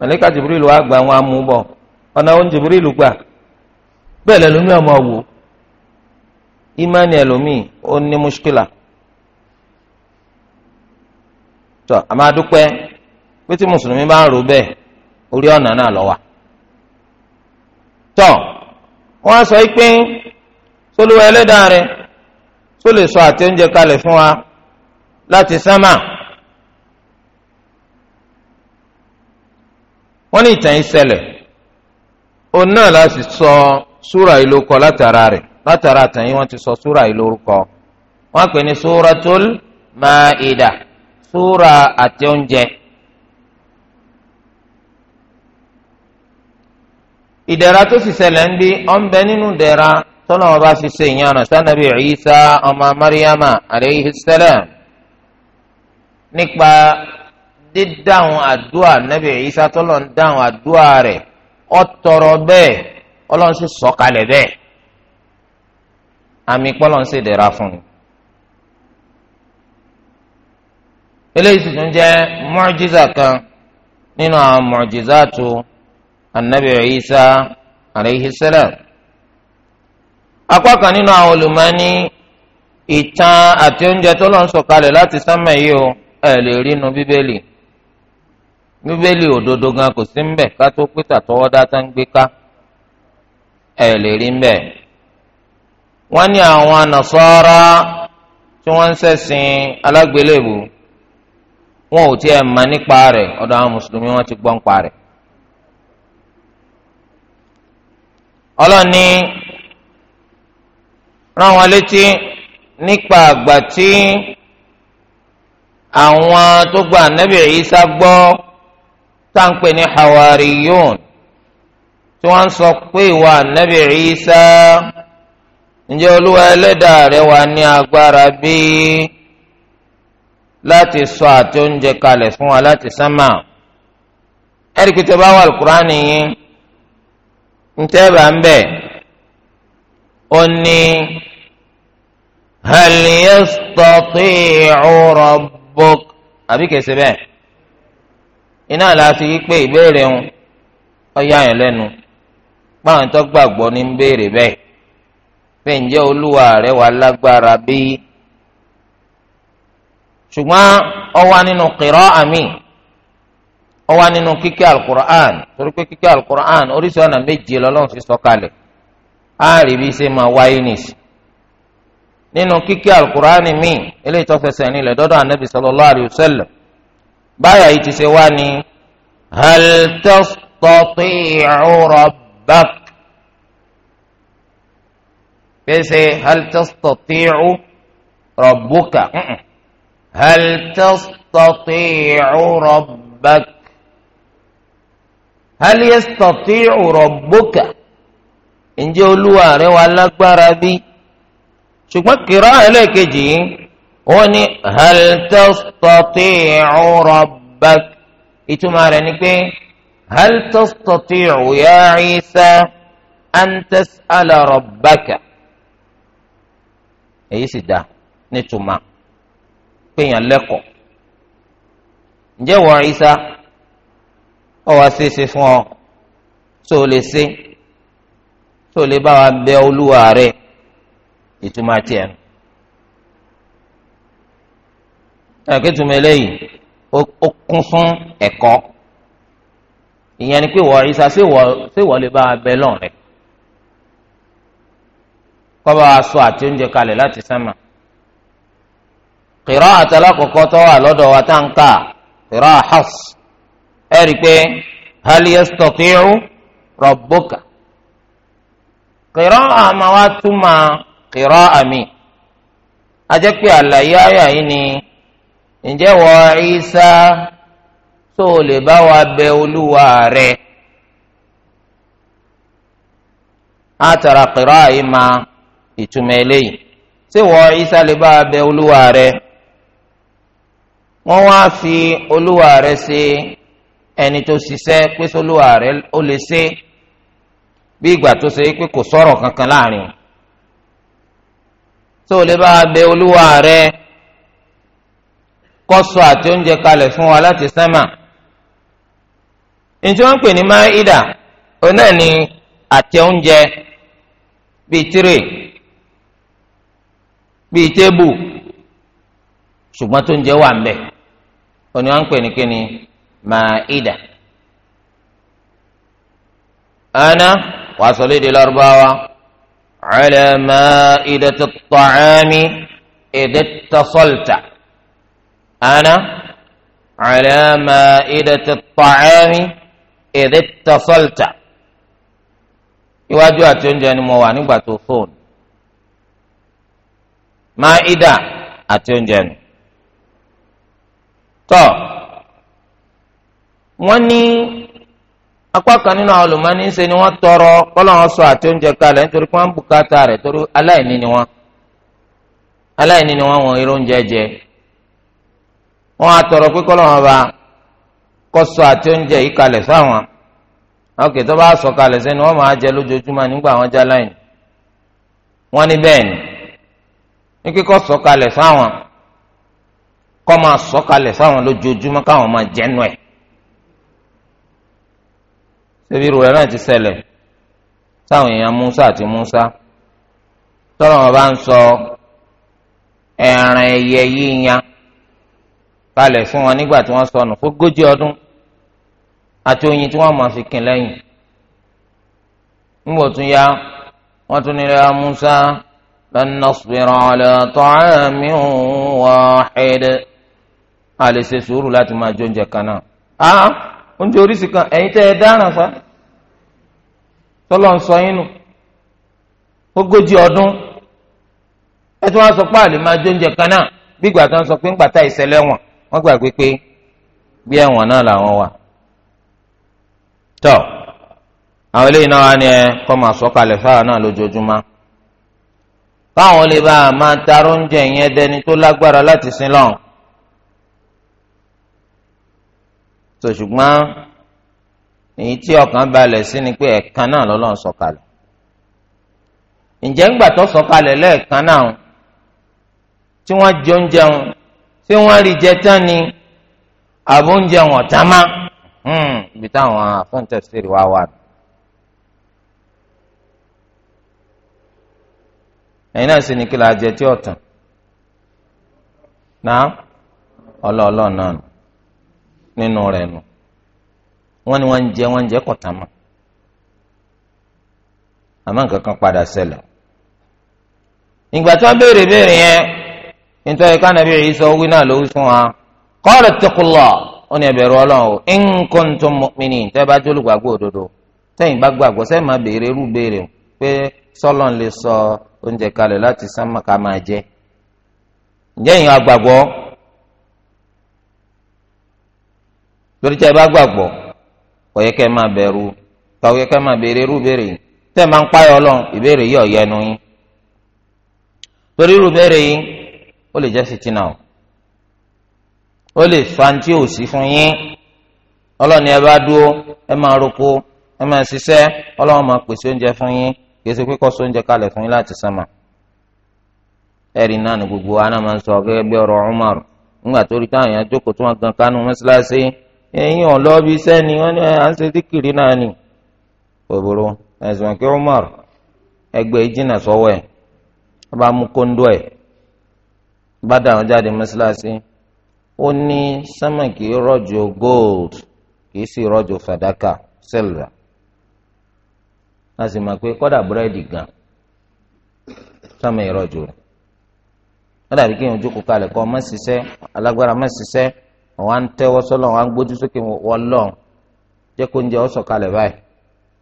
màlẹ́kà jìbìrìlù wa gba àwọn amúbọ̀ ọ̀nà òun jìbìrìlù gbà bẹ́ẹ̀ lẹ́lómi ọmọ wò ìmánì ẹlòmíì ó ní mùṣkílà tọ́ omi pé tí mùsùlùmí bá ń rò bẹ́ẹ̀ orí ọ̀nà náà lọ wà tọ́ wọ́n sọ ipin sólúwa ẹlẹ́dàá rẹ̀ sólè sọ àti oúnjẹ fún wa láti wọ́n ní ìtàn yìí ṣẹlẹ̀ òun náà láti sọ súrà yìí lórúkọ látara rẹ̀ látara ìtàn yìí wọ́n ti sọ súrà yìí lórúkọ wọ́n pè ní súratul Maida súrà àti oúnjẹ. ìdẹ̀ra tó sì ṣẹlẹ̀ ń bí ọ̀nbẹ nínú ìdẹ̀ra tọ́nà ọba fi ṣe ìyànà sanabi Isa ọmọ Mariama aleyhi salam nípa dídáhùn àdúrà nàbì Ìsá tọ́lọ̀ ń dáhùn àdúrà rẹ̀ ó tọrọ bẹ́ẹ̀ sì sọ̀kalẹ̀ bẹ́ẹ̀ àmì pọ́lọ́n sì dẹ̀ra fún un. eléyìí sì tún jẹ́ mọ́jísà kan nínú àwọn mọ́jísà tó ànábì Ìsá alayhi salam. apá kan nínú àwọn olùmọ́ni ìtàn àti oúnjẹ tọ́lọ́run sọ̀kalẹ̀ láti o ẹ̀ lè rí inú bíbélì ododo gan kò sí mbẹ ká tó pé tàtọwọdá tá ń gbé ká ẹ lè rí mbẹ. wọ́n ní àwọn nasara tí wọ́n ń ṣẹ̀sìn alágbélébù wọn ò tiẹ̀ mọ̀ nípa rẹ̀ ọ̀dọ̀ àwọn mùsùlùmí ti gbọ́ nípa rẹ̀. ọlọ́ni rán wọn létí nípa àgbà tí àwọn tó gba gbọ́. táǹpẹ̀ ní hawariyun tí wọ́n sọ pé ìwà ànábì Ìsá ǹjẹ́ olúwa ẹlẹ́dàá wà ní agbára bíi láti sọ àti oúnjẹ kalẹ̀ fún wa láti sánmà ẹ̀ríkì bá wà lùkùránì yín ntẹ́ bá ń ó ní iná la fi pé ìbéèrè ń ọyá yẹn lẹ́nu báwọn tó gbàgbọ́ ní béèrè bẹ́ẹ̀ bẹ́ẹ̀ ǹjẹ́ olúwa rẹ̀ wà lágbára bí ṣùgbọ́n ó nínú qira'a mi ó nínú kíké alukur'an torí pé kíké alukur'an oríṣi ọ̀nà méje lọ́lọ́run fi sọ̀kalẹ̀ á bí ṣe máa wáyé nìṣí nínú kíké alukur'an mi eléyìí tó fẹsẹ̀ nílẹ̀ dọ́dọ̀ anabi sallallahu alayhi báyà yìí ti ṣe wá ní hal tastati'u rabbak pèsè hal tastati'u rabbuka hal tastati'u rabbak hal yastati'u rabbuka ǹjẹ́ olúwa rẹ wà lágbára bí ṣùgbọ́n kìrọ́ ẹlẹ́ẹ̀kejì yìí wọ́n ní hal tastati'u rabbak ìtumọ̀ rẹ̀ ni pé hal tastati'u ya Isa an tas'ala rabbaka èyí sì dá nítumọ̀ péyàn lẹ́kọ̀ọ́ ǹjẹ́ wọ́n Isa ọ wá ṣeéṣe fún ọ tó o lè ṣe tó o lè bá wa bẹ olúwa rẹ ìtumọ̀ tiẹ̀ nù. ẹ̀kẹ́tùmọ̀ eléyìí ó kún fún ẹ̀kọ́ ìyẹn ni pé wọ ìsà séwọ lè bá abẹ lọ́n rẹ̀ kọ́ba aṣọ àti oúnjẹ kalẹ̀ láti sánmà kìrọ́ àtàlákọ̀kọ́ tó wà lọ́dọ̀ wa tá ń kà kìrọ́ àhọ́s ẹ rí i pé hal yastati'u rabbuka kìrọ́ àmà wa túmọ̀ kìrọ́ àmì ajẹ́ àlàyé yìí ni. ǹjẹ́ wọ Ìsá tó o lè bá wa bẹ olúwa rẹ á tara kìrọ́ àyè ìtumọ̀ eléyìí ṣé wọ Ìsá lè bá wa bẹ olúwa rẹ wọ́n wá fi olúwa rẹ ṣe ẹni tó ṣiṣẹ́ pé olúwa rẹ ó lè ṣe bí ìgbà tó ṣe pé kò sọ̀rọ̀ kankan láàrin tó o lè bá wa bẹ olúwa rẹ kọ́sọ́ àti oúnjẹ kalẹ̀ fún wa láti sẹ́mà. ǹjẹ́ wọ́n pè ní máìdà òun náà ni àtẹ oúnjẹ bíi tírè bíi tébù ṣùgbọ́n tó ń jẹ́ wà ń bẹ̀ wọ́n pè ní kíni máìdà. ana wàá sọ lédè lárúbáwá ala ma'idati at-ta'ami idh ittasalta. أنا على مائدة الطعام إذ اتصلت iwájú àti oúnjẹ ni mo wà nígbà tó fóònù máìdà àti oúnjẹ nù tọ wọn ní apá kan nínú àwọn olùmọ́ni ṣe ni wọ́n tọrọ kọ́lọ́hún sọ àti oúnjẹ kalẹ̀ nítorí pé wọ́n ń bùkátà rẹ̀ torí aláìní ni wọ́n aláìní ni wọ́n wọ̀n irú oúnjẹ jẹ wọn atọrọ tọrọ pé kọ́ lọ́wọ́n bá kọsọ àti oúnjẹ yìí kalẹ̀ fáwọn àwọn kìtọ́ bá sọ kalẹ̀ sẹ́ni wọ́n máa jẹ lójoojúmọ́ nígbà wọn já láyìn wọn ní ni ní kíkọ́ sọ kalẹ̀ fáwọn kọ́ máa sọ fáwọn káwọn máa sáwọn èèyàn Musa àti Musa tọ́lọ́wọ́n bá ń sọ balẹ̀ fún wọn nígbà tí wọ́n sọnù fógójì ọdún àti oyin tí wọ́n mọ̀ fi kìn lẹ́yìn nígbà tún ya wọ́n tún nílẹ̀ Musa lan a ṣe sùúrù láti máa jó oúnjẹ kan náà a oúnjẹ oríṣi kan ẹ̀yin tẹ́ ẹ dáràn fa ń sọ ọdún ẹ sọ pé àlè máa jó oúnjẹ kan wọn. wọ́n gbàgbé pé bí ẹ̀wọ̀n náà làwọn wà tọ́ àwọn eléyìí náà wá ní ẹ kọ́ máa sọ̀kalẹ̀ fáwọn náà lójoojúmọ́ báwọn lè bá a máa taró oúnjẹ yẹn dẹni tó lágbára láti sin lọ́hùn tó ṣùgbọ́n èyí tí ọkàn balẹ̀ sí ni pé ẹ̀kan náà lọ́lọ́run sọ̀kalẹ̀ ǹjẹ́ ńgbà tó sọ̀kalẹ̀ lẹ́ẹ̀kan náà tí wọ́n jẹun jẹun si nwa rí jẹ tán ni àbóúnjẹ wọn tá hmm, ibi táwọn afọ́ntẹ́sírì wá wà. ẹ̀yin náà sì ní kí la jẹ tí ọ̀tàn náà ọlọ́ọ̀lọ́ náà nínú rẹ̀ nù wọ́n ní wọ́n ń jẹ wọ́n ń jẹ kọ̀tàmọ́ àmọ́ nǹkan kan padà yẹn nítorí ká nàbí owó náà wa ó ní Ọlọ́run o in tẹ́ bá òdodo bá gbàgbọ́ sẹ́yìn máa béèrè irú béèrè pé sọ́lọ́n lè sọ oúnjẹ kalẹ̀ láti sánmà máa ǹjẹ́ ìyẹn torí ó lè jẹ́ o ó lè fàǹtí òsì fún yín ọlọ́ni ẹ bá dúró ẹ máa roko ẹ máa ṣiṣẹ́ ọlọ́run máa pèsè oúnjẹ fún yín kìí ṣe kíkọ́ sóúnjẹ kalẹ̀ fún yín láti sánmà ẹ̀rí náà ni gbogbo aná máa ń sọ gẹ́gẹ́ bí ọ̀rọ̀ Umar nígbà tó rí táwọn èèyàn jókòó tó wọn gan kánú mọ́ṣáláṣí ẹ̀yìn bí ni wọ́n ní à ń ṣe díkìrì náà ni bá dà wọn jáde mọ́ṣáláṣí ó ní sánmà kì gold kì í sì rọ̀jò fàdákà silver a sì mọ̀ pé kọ́dà búrẹ́dì gan sánmà ìrọ̀jò rẹ̀ wọ́n dàbí kéèyàn jókòó kalẹ̀ kọ́ ọmọ ṣiṣẹ́ alágbára má ṣiṣẹ́ àwọn à ń tẹ́wọ́ sọ́lọ́ àwọn à ń gbójú sókè wọ́n lọ́n jẹ́ kó ń jẹ́ ọ̀sọ̀ kalẹ̀ báyìí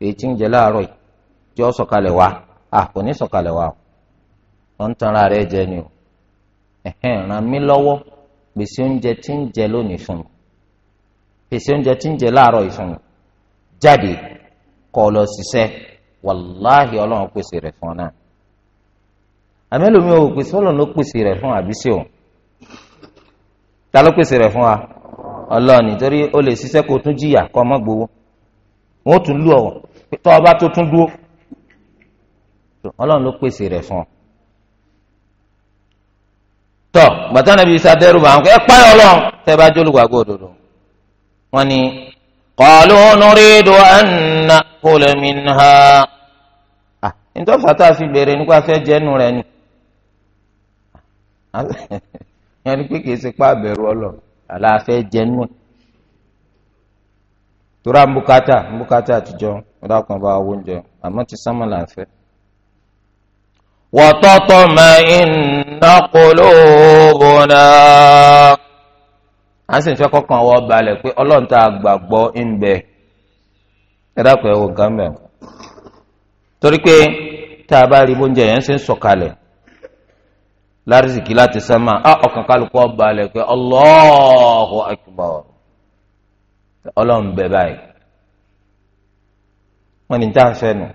èyí tí ń jẹ láàárọ̀ yìí jẹ́ ọ̀sọ̀ kalẹ̀ wá à kò ẹ̀hẹ́n ràn mí lọ́wọ́ pèsè oúnjẹ tí ń jẹ lónìí fún mi pèsè oúnjẹ tí ń jẹ láàárọ̀ mi jáde lọ wàláhì ọlọ́run pèsè rẹ fún ọ náà àmẹ́lòmí ò pèsè ọlọ́run ló pèsè rẹ fún àbísí ta ló pèsè rẹ fún wa nítorí o lè ọba tó tún dúró ló pèsè tọ gbàtà nàbí isa dẹrù bá wọn kọ ẹ pààyàn Ọlọ́run tẹ bá jólùgbàgbọ́ òdodo wọn ni qalu nuridu an na'kula minha nítorí fata fi béèrè nípa fẹ́ jẹ́nu rẹ ni yẹn ni pé kìí ṣe pa àbẹ̀rù Ọlọ́run àlàáfẹ́ jẹ́nu tura mbukata mbukata àtijọ́ ọ̀dà kan bá wọ́n àmọ́ ti sámà láǹfẹ́. وتطمئن قلوبنا wọ balẹ̀ pé ọlọ́run tá a gbàgbọ́ ń bẹ torí pé tá a bá rí oúnjẹ yẹn ṣe ń sọ̀kalẹ̀ lárísìkí láti sánmà á ọkàn kálukú ó balẹ̀ pé bẹ báyìí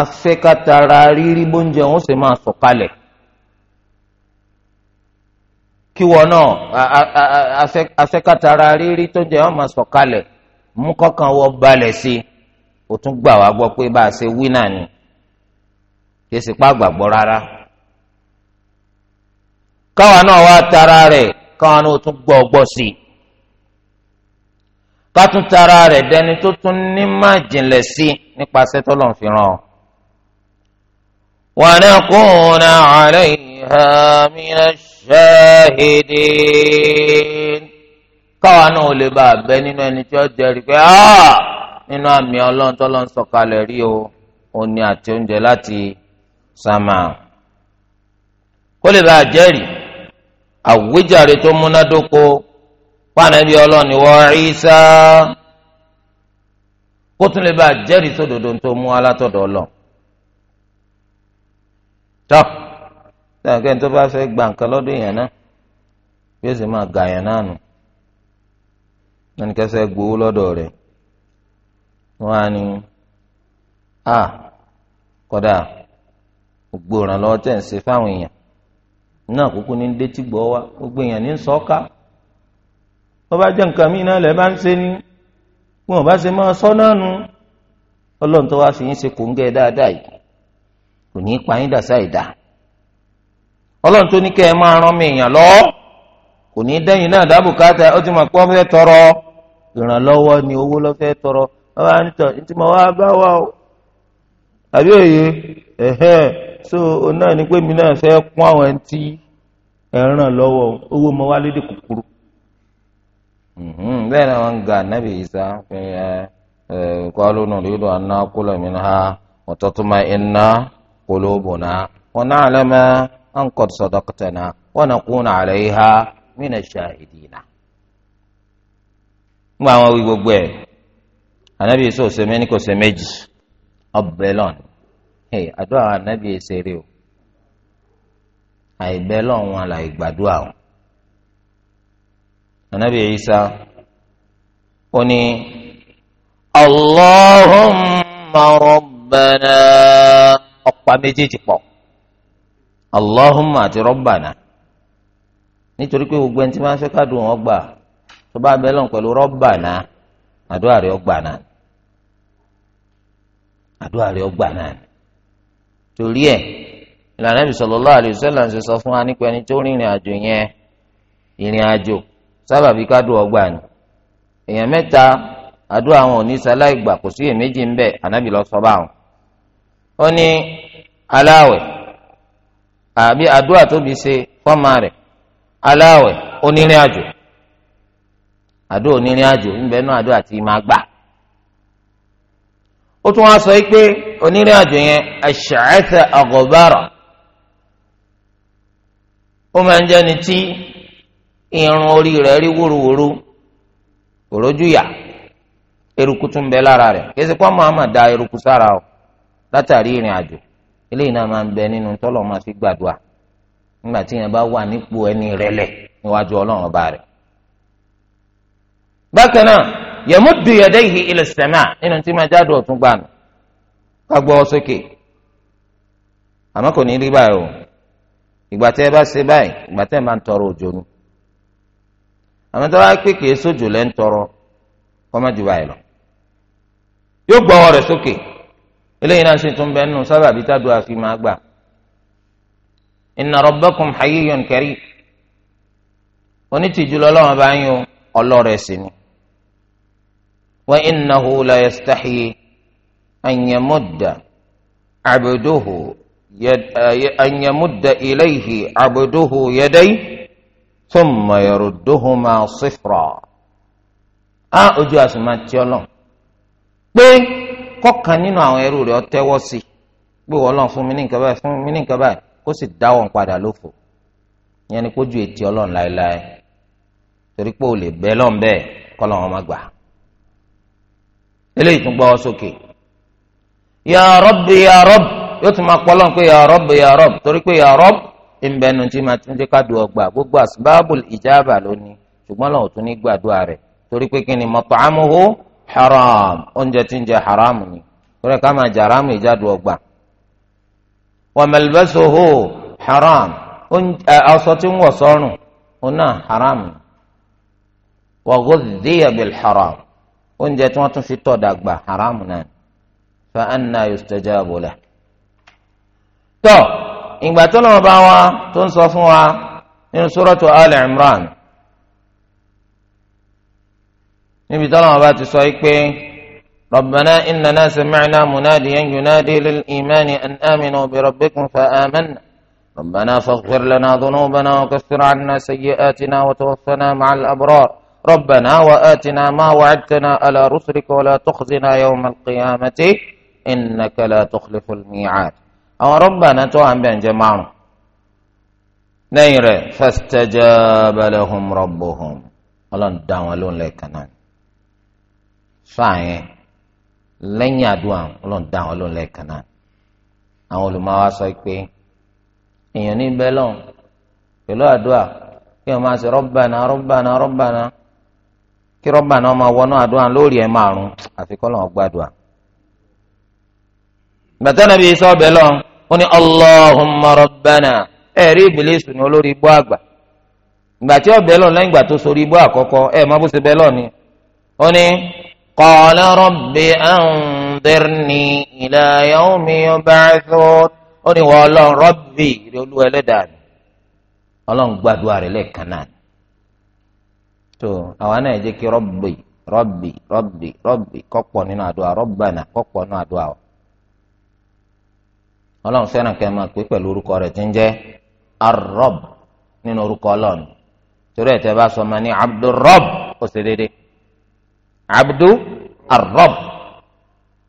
afẹ́kátara rírí bóúnjẹ wọn sì máa sọ̀kalẹ̀ kíwọ náà afẹ́kátara rírí tó jẹ́ wọn máa sọ̀kalẹ̀ mú kọ́kàn wọ balẹ̀ sí i ó tún gbà wá gbọ́ pé bá a ṣe wí náà ni kì í sì pa àgbàgbọ́ rárá káwa náà wá tara rẹ̀ káwa náà ó tún gbọ́ ọgbọ́ sí i ká tún tara rẹ̀ dẹni tó tún ní má jìnlẹ̀ sí i nípasẹ̀ tó lọ́n fi ràn ọ́. ونكون عليها من الشاهدين كانوا لباب بنين ان تجرك اه nínú àmì ọlọ́run tó lọ́n sọ̀kalẹ̀ rí o òní àti oúnjẹ láti sàmà kó lè bàa jẹ́rìí àwíjàre tó múnádóko pàànàbí ọlọ́run kó tún lè jẹ́rìí sódodo tó mú alátọ̀dọ̀ ọlọ́run. tọ́ táwọn tó bá fẹ́ gba nǹkan lọ́dún èèyàn náà bí ó sì máa gà yàn náà nù nínú gbowó a kọ́dà gbogbo ìrànlọ́wọ́ tẹ̀ ń ṣe fáwọn èèyàn náà kúkú ní létí gbọ́ gbogbo èèyàn ní sọ́ọ́ká wọ́n bá jẹ́ nǹkan sọ náà ọlọ́run tó wá ṣe kò ní í pa yín dàsá ìdá ọlọ́run tó ní kẹ́ ẹ máa rán mi èèyàn lọ. kò ní í dẹ́yìn náà dábùkátà ó ti mọ̀ pé wọ́n fẹ́ tọrọ ìrànlọ́wọ́ ni owó lọ́ fẹ́ tọrọ wọ́n á ń ní wá bá wà o àbí òye ẹ̀hẹ́ so náà ni pé mi náà fẹ́ kún àwọn ẹni tí ẹ ràn lọ́wọ́ owó wá lédè kúkúrú mm-hmm. bẹ́ẹ̀ ni wọ́n قلوبنا ونعلم أن قد صدقتنا ونكون عليها من الشاهدين gbogbo àwọn wí gbogbo ẹ anabi èso ọ̀sẹ̀ mẹ́ni kò ṣe méjì ọbẹlọn ẹ àdúrà anabi èsèré o àìbẹlọn wọn là ìgbàdúrà anabi ọ̀pá méjèèjì pọ̀ allahumma àti rọ́bànà nítorí pé gbogbo ẹni tí wọ́n fẹ́ kádùn wọn gbà tó bá bẹ́ẹ̀ lọ́n pẹ̀lú rọ́bànà àdúrà rẹ̀ ọgbà náà àdúrà rẹ̀ ọgbà náà torí ẹ̀ ìlànà Ànábì sallallahu alaihi wasallam sọ fún wa nípa ẹni tó rìnrìn àjò yẹn ìrìn àjò kádùn ọgbà ni èèyàn mẹ́ta àdúrà wọn ò ní sáláì ó ní aláwẹ̀ àbí àdúrà tóbi ṣe fọ́ọ̀mà rẹ̀ aláwẹ̀ onírìn àjò àdúrà onírìn àjò ńbẹ náà máa gbà ó tún wá sọ yìí pé onírìn àjò yẹn aṣàṣẹ àgọ́bàrà ó máa ń jẹ́ni tí irun orí rẹ̀ rí wúruwúru eruku tún bẹ lára látàrí ìrìn àjò eléyìí náà máa ń bẹ nínú tọ́lọ̀ máa fi gbàdúrà nígbà tí yẹn bá wà nípò ẹni rẹ̀lẹ̀ níwájú ọlọ́run ọba rẹ̀. bákan náà yamuddu yadayhi as-samaa nínú tí máa jáde ọ̀tún gbànú ká gbọ́ sókè àmọ́ kò ní rí báyìí o ìgbà ẹ bá ṣe báyìí ìgbà ẹ máa ń tọrọ òjò ni àmọ́ pè lẹ́ eléyìí náà sì tún bẹ́ẹ̀ nù sábàbí tádùá fi máa gbà inna rabbakum hayyun karim onítìjú lọ́lọ́wọ́n bá ń yún ọlọ́rẹ̀ sí ni wa innahu la yastahyi an yamudda abduhu an yamudda ilayhi abduhu yadayhi thumma yarudduhuma sifra á ojú àsùnmá tí ọlọ́ pé kọkàn nínú àwọn ẹrú rẹ̀ ọtẹ́wọ́ sí pé wọ́n lọ́n fún mi ní nǹkan báyìí fún mi ní nǹkan báyìí kó sì dáwọ́ ń padà lófo ìyẹn ni kójú ètí ọlọ́run láéláé torí pé ò lè bẹ́ lọ́n bẹ́ẹ̀ kọ́ lọ́n wọn má gbà. eléyìí tún gbọ́ sókè ya Rabbi ya Rabbi yóò tún máa pọ́lọ́n pé ya Rabbi ya Rabbi torí pé ya Rabbi ìbẹ̀nu tí máa ti ń jẹ́ kádùn ọgbà gbogbo asbabul ijaba lónìí ṣùgbọ́n lọ́wọ́ tún ní gbàdúrà rẹ̀ torí pé kí ni mat'amuhu haram oúnjẹ tí ń jẹ haram ni kúrẹ́ ká máa jẹ haram ìjádùn ọgbà wa malbasuhu haram aṣọ tí ń wọ̀ sọ́rùn ọ̀nà haram wa ghudhiya bil haram oúnjẹ tí wọ́n tún fi tọ́ dàgbà haram náà fa anna yustajabu lah tọ́ ìgbà tó lọ́wọ́ bá wa tó ń sọ fún wa nínú suratu Al Imran. níbi tọ́lọ́wọ́n bá ti sọ yìí pé ربنا إننا سمعنا مناديا ينادي للإيمان أن آمنوا بربكم فآمنا ربنا فاغفر لنا ذنوبنا وكفر عنا سيئاتنا وتوفنا مع الأبرار ربنا وآتنا ما وعدتنا على رسلك ولا تخزنا يوم القيامة إنك لا تخلف الميعاد أو ربنا توهم بين جماعهم نيره فاستجاب لهم ربهم الله دعوة لون لك نعم sọ àyẹn lẹ́yìn àdúrà ọlọ́run dá àwọn ọlọ́run lẹ́ẹ̀kan náà àwọn olùmọ̀wá sọ pé èèyàn ní bẹ́ẹ̀ lọ́n pẹ̀lú àdúrà kí wọ́n máa ṣe rọ́bànà rọba rọ́bànà kí rọ́bànà máa wọnú àdúrà lórí ẹ̀ márùn àfikún lọ́wọ́ gbàdúrà. bàtà nàbí sọ bẹ́ẹ̀ ó ní Allahumma rọ́bànà ẹ̀ rí ìbílẹ̀sù ní olórí ibú àgbà ìgbà tí ọ̀bẹ́ lẹ́yìn ìgbà tó sorí ibú àkọ́kọ́ ẹ̀ má bó ṣe ni ó ní قال رب أنظرني إلى يوم يبعثون ó ní wọ́n ọlọ́run rọ́bì rí olú ẹlẹ́dàá ni ọlọ́run gbàdúrà rẹ̀ lẹ́ẹ̀kan náà tó àwọn náà jẹ́ kí rọ́bì rọ́bì rọ́bì rọ́bì kọ́pọ̀ nínú àdúrà rọ́bànà kọ́pọ̀ nínú àdúrà o ọlọ́run fẹ́ràn kẹ́ máa pé pẹ̀lú orúkọ rẹ̀ tí ń jẹ́ arọ́b nínú orúkọ ọlọ́run torí ẹ̀ tẹ́ bá sọ ma ní abdulrọ́b ó ṣe déédéé abdu arab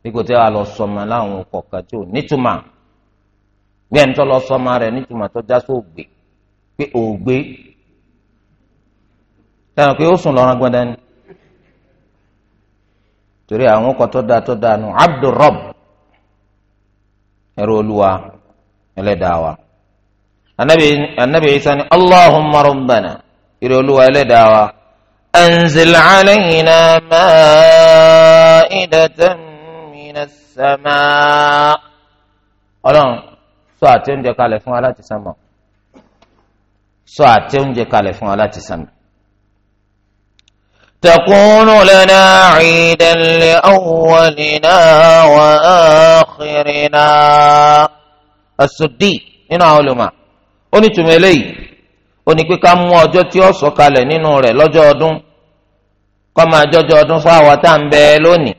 ikú tí a lọ sọmọ láwọn kọ̀ọ̀kan tí ò nítumọ̀ bí ẹni tó lọ sọmọ rẹ̀ nítumọ̀ tó já sí ògbé pé ògbé táwọn pé ó sùn lọ́rùn gbọ́dọ̀ ni torí àwọn kan tó dáa tó dáa nù abdu arab ẹ̀rọ olúwa ẹlẹ́dàá wa anabi anabi isa allahumma rabbana ìrẹ̀ olúwa ẹlẹ́dàá wa. أنزل علينا مائدة من السماء Ọlọ́run sọ àti oúnjẹ kalẹ̀ fún wa láti sánmọ̀ sọ àti oúnjẹ kalẹ̀ fún wa láti sánmọ̀. تكون لنا عيدا لأولنا وآخرنا السدي nínú àwọn olùmọ̀ ó ní tùmọ̀ eléyìí. ó ní pé ká mú ọjọ́ tí ó sọ̀kalẹ̀ nínú rẹ̀ lọ́jọ́ ọdún kó máa jọjọ́ ọdún fún àwa tá à ń bẹ lónìí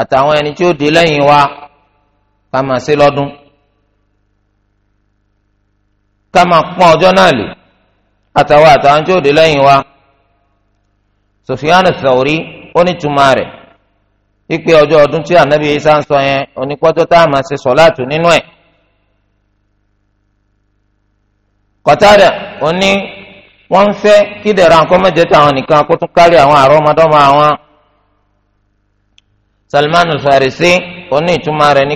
àtàwọn ẹni tí ó lẹ́yìn wa ká máa ṣe lọ́dún ká máa pọ́n ọjọ́ náà lè àtàwọn àtàwọn tí ó lẹ́yìn wa Sufyan Thauri ó rẹ̀ wípé ọjọ́ ọdún tí ń kọtada, ó ni wọn ń kidere kí dẹ̀ra nǹkan táwọn nìkan kó tún kárí àwọn àrọ́mọdọ́mọ àwọn. farisi ó ni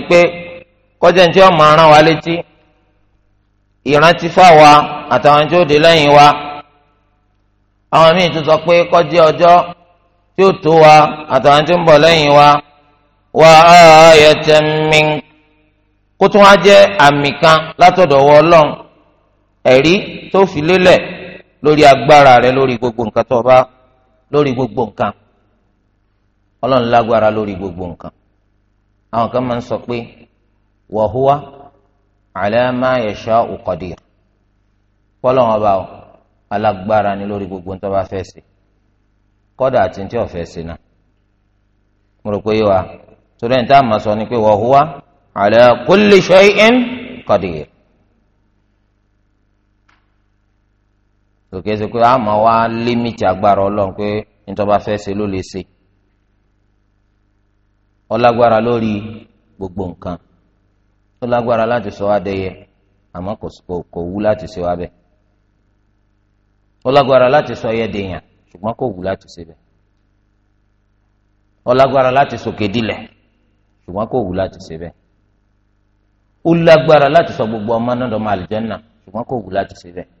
pé kọjá ní tí wọ́n máa rán wa létí ìrántí fáwa àtàwọn tí ó wa àwọn míì tún sọ pé kọjá ọjọ tí ó tó wa àtàwọn tí ń bọ̀ wa wà á kan látọ̀dọ̀ wọ ọlọ́run. ẹ̀rí tó fi lélẹ̀ lórí agbára rẹ lórí gbogbo nǹkan tó bá lórí gbogbo nǹkan ọlọ́run lágbára lórí gbogbo nǹkan àwọn kan máa ń sọ pé wa huwa ala ma yasha'u qadir pọ́lọ́wọ́n bá ọ alágbára ni lórí gbogbo nǹkan tó bá fẹ́ ṣe kọ́dà àti tí ò fẹ́ náà mo rò pé yóò wá torí ẹni tá a máa sọ ni pé wa huwa ala kulli shay'in qadir kòkè ṣe pé a máa wá límìtì agbára ọlọ́run pé nítorí fẹ́ ṣe ló lè ṣe ọlágbára lórí gbogbo nǹkan ó lágbára láti sọ wá dẹyẹ àmọ́ kò wú láti ṣe wá bẹ́ẹ̀ ó lágbára láti sọ ẹyẹ dèèyàn ṣùgbọ́n kò wù láti ṣe bẹ́ẹ̀ ó lágbára láti sòkè dilẹ̀ ṣùgbọ́n kò wù láti ṣe bẹ́ẹ̀ ó lágbára láti sọ gbogbo ọmọ náà dọmọ àlùjànnà ṣùgbọ́n kò wù láti ṣe bẹ́ẹ̀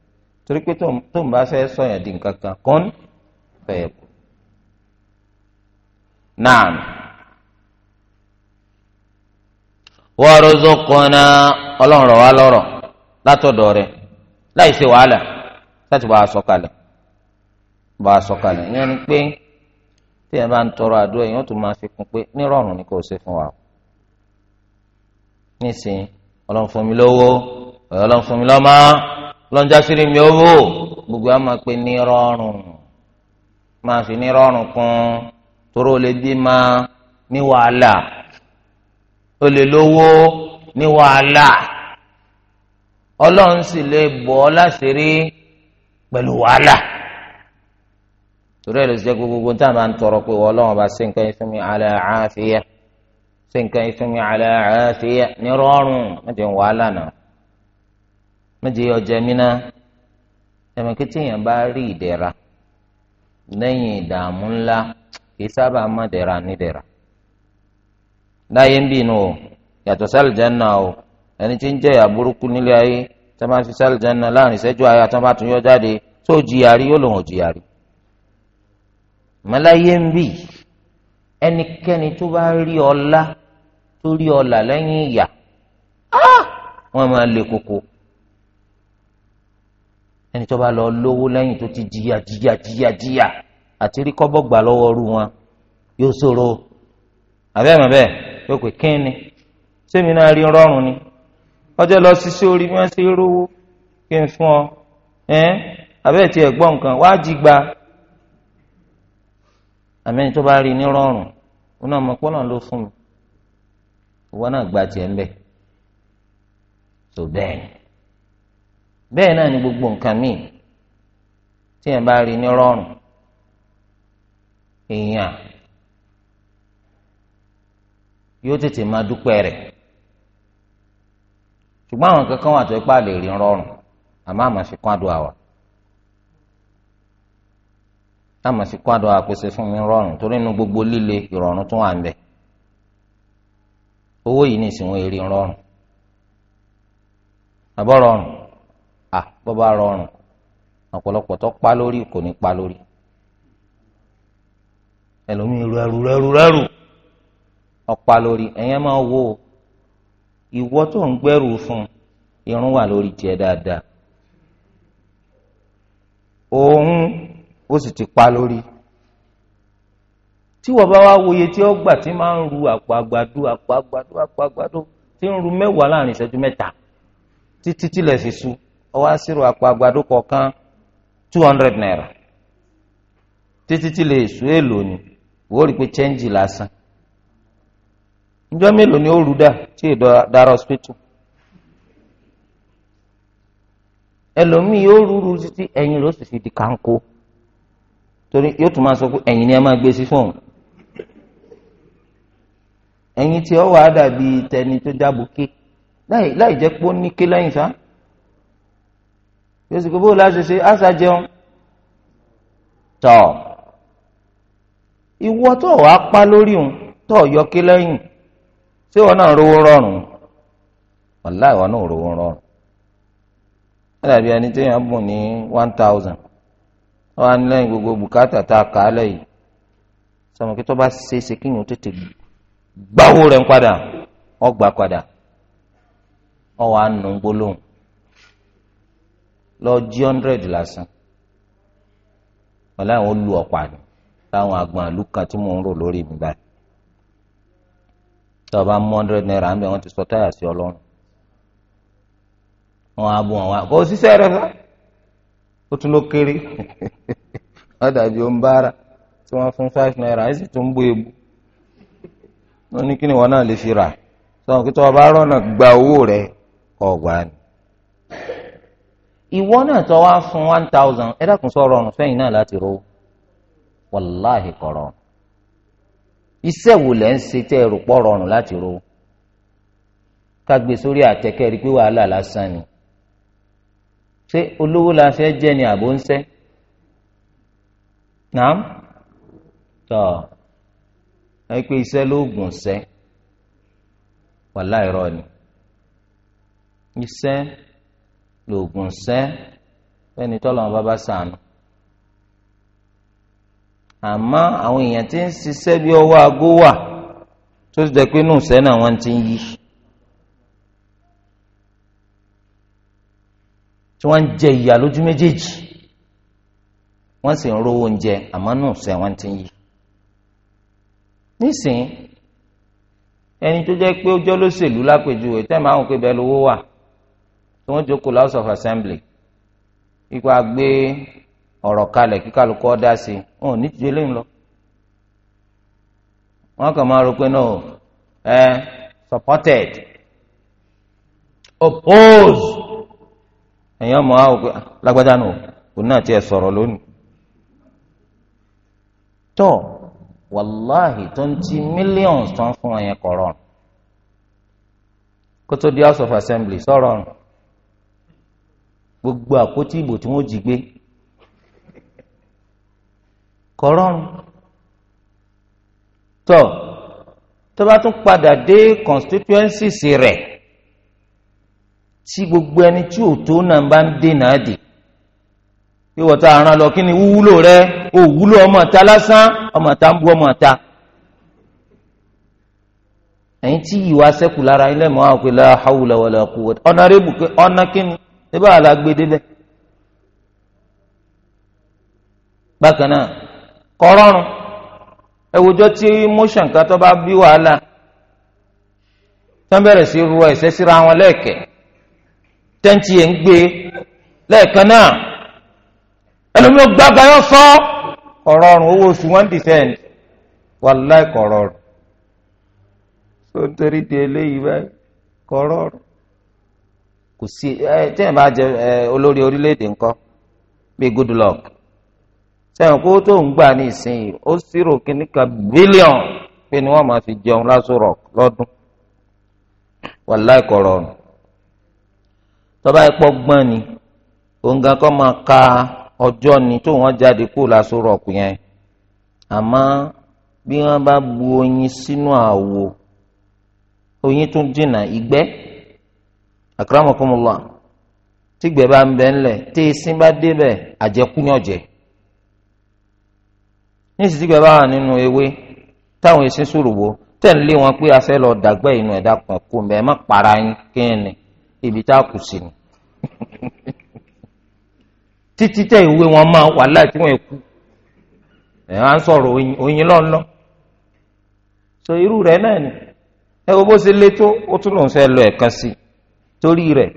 torí pé tó ń bá fẹ́ sọ̀yàn di nǹkan kan kún fẹ́ẹ́ kù. naam warzuqna ọlọ́run wá lọ́rọ̀ látọ̀dọ̀ rẹ̀ láì ṣe wàhálà láti bá a sọ kalẹ̀ bá a sọ kalẹ̀ ìyẹn ni pé tí tọrọ àdúrà máa fi kún pé nírọ̀rùn ni fún wa nísìnyí ọlọ́run fún mi lówó ọlọ́run lọ́njà sírí mi ó wò gbogbo a máa pe ní rọrùn máa fi ní rọrùn kún toró lè bí ma ní wàhálà ó lè lówó ní wàhálà ọlọ́run sì lè bọ́ ọ láṣìírí pẹ̀lú wàhálà torí ẹ̀ ló ṣe gbogbo tá a máa ń tọrọ pé ọlọ́run bá ṣe nǹkan ìfúnmi ala afiya ṣe nǹkan ìfúnmi ala afiya ní rọrùn má ti ń wàhálà náà méje ọjà mínà ẹ̀mọ̀kí téèyàn bá rí ìdẹ̀ra lẹ́yìn ìdààmú ńlá kì í sábà má dẹ̀ra nídẹ̀ra láyé ń bínú o yàtọ̀ sálìjánná o ẹni tí ń jẹ́ ìyà burúkú nílé ayé tí wọ́n bá fi sálìjánná láàrin ìṣẹ́jú ayé àti wọ́n bá tún yọ jáde tó jìyàrí yóò lòun ò jìyàrí mọ́láyé ń bì ẹnikẹ́ni tó bá rí ọlá tó rí ọlà lẹ́yìn ìyà wọ́n máa le koko ẹni tó bá lọ lówó lẹ́yìn tó ti jìyà jìyà jìyà jìyà àti rí kọ́bọ̀ gbà lọ́wọ́ ru wọn yóò ṣòro àbẹ́mọ̀ bẹ́ẹ̀ yóò pè kín ni sẹ́mi náà rí rọrùn ni ọjọ́ lọ sí sórí bí wọ́n ṣe rówó kí n fún ọ ẹ́n àbẹ́ tí ẹ̀ gbọ́ nǹkan wá jí gba àmẹ́ni tó bá rí ní rọrùn òun náà mọ̀ pọ́nà ló fún mi ìwọ náà gba tiẹ̀ ń bẹ̀ tó bẹ́ẹ̀ ni. bẹ́ẹ̀ náà ni gbogbo nǹkan míì tí èèyàn bá rí ní rọrùn èèyàn yóò tètè máa dúpẹ́ rẹ̀ ṣùgbọ́n àwọn kankan wà tó ipá lè rí rọrùn àmọ́ àmọ́ fi kún àwà. wa àmọ́ fi kún àdúrà pèsè fún mi rọrùn torí inú gbogbo líle ìrọ̀rùn tó wà ń bẹ̀ owó yìí ní ìsìnwó eré rọrùn àbọ̀ rọrùn. bó bá rọrùn ọ̀pọ̀lọpọ̀ tó pa lórí kò ní pa lórí ẹlòmíì rẹrù rẹrù rẹrù ọ̀pá lórí ẹ̀yẹ́ máa wo ìwọ tó ń gbẹ́rù fún irun wà lórí tiẹ̀ dáadáa òun ó sì ti pa lórí tí wọ́n bá wá wòye tí ó gbà tí máa ń ru àpò àgbàdo àpò àgbàdo àpò àgbàdo tí ń ru mẹ́wàá láàrin ìṣẹ́jú mẹ́ta títí tílẹ̀ fi ṣú. ọwọ́ àṣírò àpò àgbàdo kọ̀ọ̀kan two hundred naira títí èlò ni wọ́n rí pé chẹ́ńjì lásán mélòó ni ó rú dà tí hospital ẹlòmíì yóò rúru títí ẹyin ló sì fi di kánkó torí yóò tún máa sọ pé ni ẹ máa gbé sí tí dàbí tẹni tó ké láì pé ó yóò sì kó bóòlù àṣẹṣe àṣà jẹun tọ ìwọ tó wàá pa lórí òun tó yọ kí ṣé wọn náà rówó rọrùn wàlá ìwọ náà rówó rọrùn ẹni one thousand wọn gbogbo bùkátà tá a kà á lẹ́yìn sọmọ tó bá ṣeéṣe kí yìnyín tètè gbáwó ń padà lọ jí hundred lásán ọ̀la àwọn olú ọ̀pá ni táwọn àgbọn àlù kan tí mò ń rò lórí mi báyìí tí wọ́n bá mú hundred naira ń bẹ wọ́n ti sọ táyà sí ọlọ́run wọ́n á bù wọn wá kó o rẹ fún ó tún ló kéré wọ́n dàbí ó ń bára tí wọ́n fún five naira ẹ sì tún ń bú ebu wọ́n ní kí ni wọ́n náà lè fi rà sọ wọn kí tí wọ́n bá rọ̀nà gba owó rẹ kọ̀ ni. ìwọ náà tó wá fún one thousand ẹ dákun sọ rọrùn fẹ́yìn náà láti rówó wàláhì kò iṣẹ́ wo lẹ́ ń ṣe tẹ́ ẹ̀rù pọ̀ rọrùn láti rówó sórí pé wàhálà lásán ni ṣé olówó la fẹ́ jẹ́ ni àbó ń ṣẹ́ nàám tọ́ ẹ pé iṣẹ́ rọ ni iṣẹ́. lóògùn sẹ́ fẹ́ni tọ́lọ́run bá bá sànù àmọ́ àwọn èèyàn ti ń ṣiṣẹ́ bí ọwọ́ aago wà tó ti dẹ̀ pé nù sẹ́ náà wọ́n ti ń yí. tí wọ́n ń jẹ ìyà lójú méjèèjì wọ́n sì ń rówó oúnjẹ àmọ́ nù sẹ́ wọ́n ti ń yí. nísìnyí ẹni tó jẹ́ pé ó jọ́ lóṣèlú lápèjúwe tẹ́ máa ń bẹ́ẹ̀ lówó wà tó ń jókòó house of assembly ikú agbé ọ̀rọ̀ kalẹ̀ kí kálukú ọ̀dá sí i wọn eléyìí lọ. kàn máa rò pé ẹ eh, supported opposed ẹ̀yin ọmọ àwọn òkè ah, lágbádá nù òun náà tiẹ̀ sọ̀rọ̀ lónìí. tọ́ wàláhì tó ń ti fún ẹ̀yẹn kọ̀ọ̀rọ̀ di house of assembly sọ̀rọ̀ gbogbo àpótí ìbò tí wọ́n jí gbé kọ́rọ́rùn tọ́ tó bá tún padà dé constituencies rẹ̀ tí gbogbo ẹni tí òtó náà bá ń dènà dì ìwọ tá a ràn lọ kí ni wúwúlò rẹ ò wúlò ọmọ ta lásán ọmọ ta ń bu ọmọ ta ẹ̀yin tí ìwà sẹ́kù lára ilé mọ́ àwọn òkè la hawla wala quwwata ọ̀nà rẹ̀ bùkẹ́ ọ̀nà kí ni níbà alágbèdè bẹ bákan náà kọrọrùn ẹwùjọ tí motion kan tó bá bí wàhálà tó ń bẹ̀rẹ̀ sí ru ẹ̀sẹ̀ síra wọn lẹ́ẹ̀kẹ́ tẹ́ǹtì yẹn ń gbé lẹ́ẹ̀kan náà ẹlòmíràn gbàgbà yóò sọ kọrọrùn owó oṣù one percent wàláì kọrọrùn tó ń torí di eléyìí kò sí ẹ tẹ́yìn bá jẹ ẹ olórí orílẹ̀-èdè ńkọ́ bíi Goodluck sẹ́yìn kó tó ń gbà ní ìsinyìí ó ṣírò kíní kan bílíọ̀n pé ni wọ́n máa fi jẹun lásù rock lọ́dún wàláì kọ̀rọ̀ ọ̀nà tọ́ba ẹ̀pọ̀ gbọ́n ni òǹgà kan máa ka ọjọ́ ni tó wọ́n jáde kó lásù rock yẹn àmọ́ bí wọ́n bá bu oyin sínú àwo oyin tún dènà ìgbẹ́ akramakumullah tí gbẹ bá ń bẹ ńlẹ̀ tí ìsín bá débẹ̀ àjẹkú ní ọ̀jẹ̀ ní ìsìn tí gbẹ bá wà nínú ewé táwọn ìsín sòròbó tẹ̀ ń lé wọn pé a fẹ́ lọ dàgbẹ́ inú ẹ̀dá kan kú mbẹ́ ẹ má para yín kíni ibi tá a kù sí ni títí tẹ ìwé wọn máa wà láì wọn kú ẹ wá ń sọ̀rọ̀ oyin lọ́nà so irú rẹ̀ náà ni ẹ wo ṣe lé tó ó tún lòún fẹ́ lọ ẹ̀kan sí i torí rẹ̀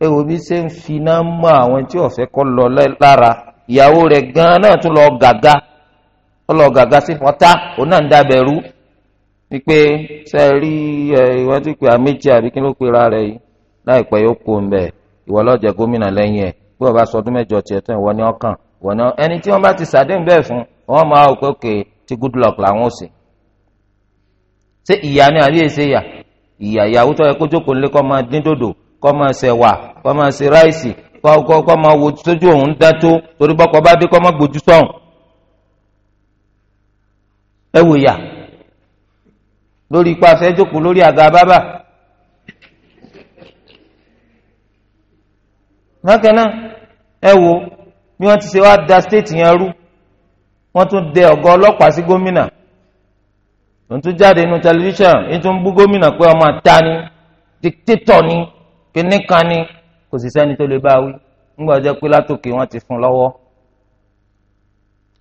ẹ wo bí ṣe ń finá mọ àwọn tí ọ̀fẹ́ kọ lọ lára ìyàwó rẹ̀ gan náà tún lọ gàga ó lọ gàga sí ọ̀tá òun náà ń wípé ṣe é rí ti pè àméjì àbí kí ló pe ra rẹ̀ yìí láìpẹ yóò kó ń bẹ̀ ìwọ lọ́jẹ̀ gómìnà lẹ́yìn ẹ bí wọ́n bá sọ ọdún tán ìwọ ẹni tí bá ti fún ìyá ìyàwó tó yẹ kó jókòó nílé kó máa dín dòdò kó máa ṣe wà kó máa ṣe ráìsì kó kó máa wo sójú òun dá tó torí bọ́kọ bá dé kó máa gbójú sọ̀hún. ẹ lórí ipa afẹ́ jókòó lórí àga bábà. bákan náà bí wọ́n ti ṣe wá da state yẹn rú wọ́n tún dẹ ọ̀gá ọlọ́pàá sí gómìnà òun tún jáde inú tẹlifíṣàn ètò ń bú gómìnà pé ọmọ àta ni dìkítọ̀ ni ni kò sì sẹni tó lè bá wí ńgbà jẹ́ pé látòkè wọ́n ti fún lọwọ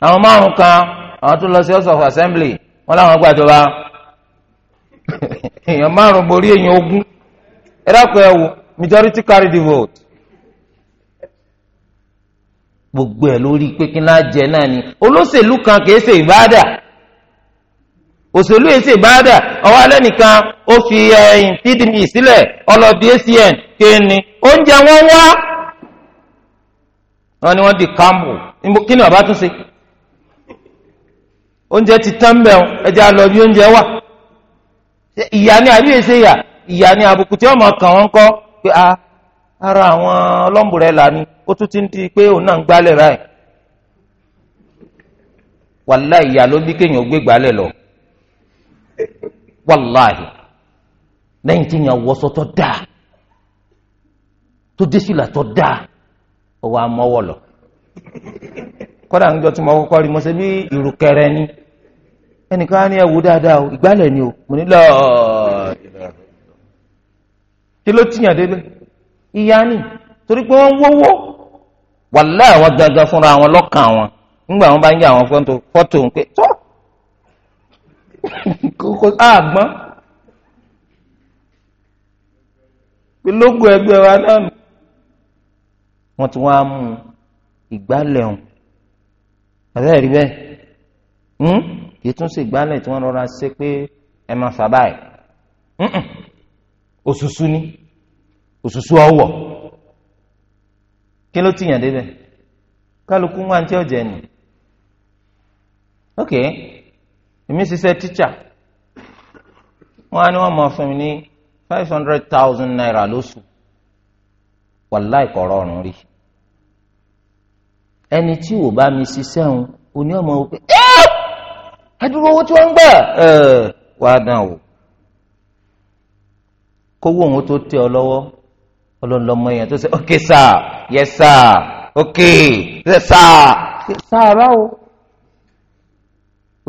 àwọn márùn kan àwọn tó lọ sí house of assembly wọn làwọn gbàjọba èèyàn márùn borí èèyàn ogún gbogbo ẹ lórí pé kí n jẹ náà ni olóṣèlú kan òṣèlú èsì ìbáàdà ọwọ́ alẹ́ nìkan ó fi ẹ̀yìn eh, pdp sílẹ̀ acn kéènì oúnjẹ wọn wá wọn ni wọn di kambo kí ni bàbá tún ṣe oúnjẹ ti tán bẹ́ẹ̀ ẹja lọ bí oúnjẹ wà ìyá ni àbí èsè ìyá ìyá ni àbùkù tí ọmọ kàn wọn kọ pé a ara àwọn ọlọ́mùrẹ́ là ni ó tún ti ń di pé òun náà ń gbálẹ̀ ráì wàláhì lẹ́yìn tí yàn wọṣọ tó dáa tó dé sílà tó dáa ó wàá mọ́wọ́ lọ tí mo kọ́kọ́ rí mo ṣe bí ni ẹnìkan á ní dáadáa o ìgbálẹ̀ ni o mo ní lọ́ọ̀ kí ló tìyàn délé ìyá ni torí pé wọ́n wọ́wọ́ fúnra lọ́kàn wọn bá kókó àgbọn pé lógo ẹgbẹ́ wa náà nù. wọ́n ti wá mú ìgbálẹ̀ ọ̀hún àbẹ́rẹ́ rí bẹ́ẹ̀ hmm? kì í tún ṣe ìgbálẹ̀ tí wọ́n rọra ṣe pé ẹ máa fà báyìí òṣùṣù ni òṣùṣù ọwọ́ kí ló tìyàn débẹ̀ kálukú wá ní tí ọ̀jẹ̀ nì. okay èmi ṣiṣẹ́ tíṣà wọ́n á ní wọ́n máa fún mi ní five hundred thousand naira lóṣù wàláì kọ̀rọ̀ ọ̀run rí ẹni tí ò bá mi ṣiṣẹ́ òun oní ọmọ wò pé ẹdúró owó tí wọ́n ń gbà wàá dàn o kówó òun tó tẹ ọ lọ́wọ́ ọlọ́lọ́mọ yẹn tó ṣe ok sir yes sir ok sir sir rà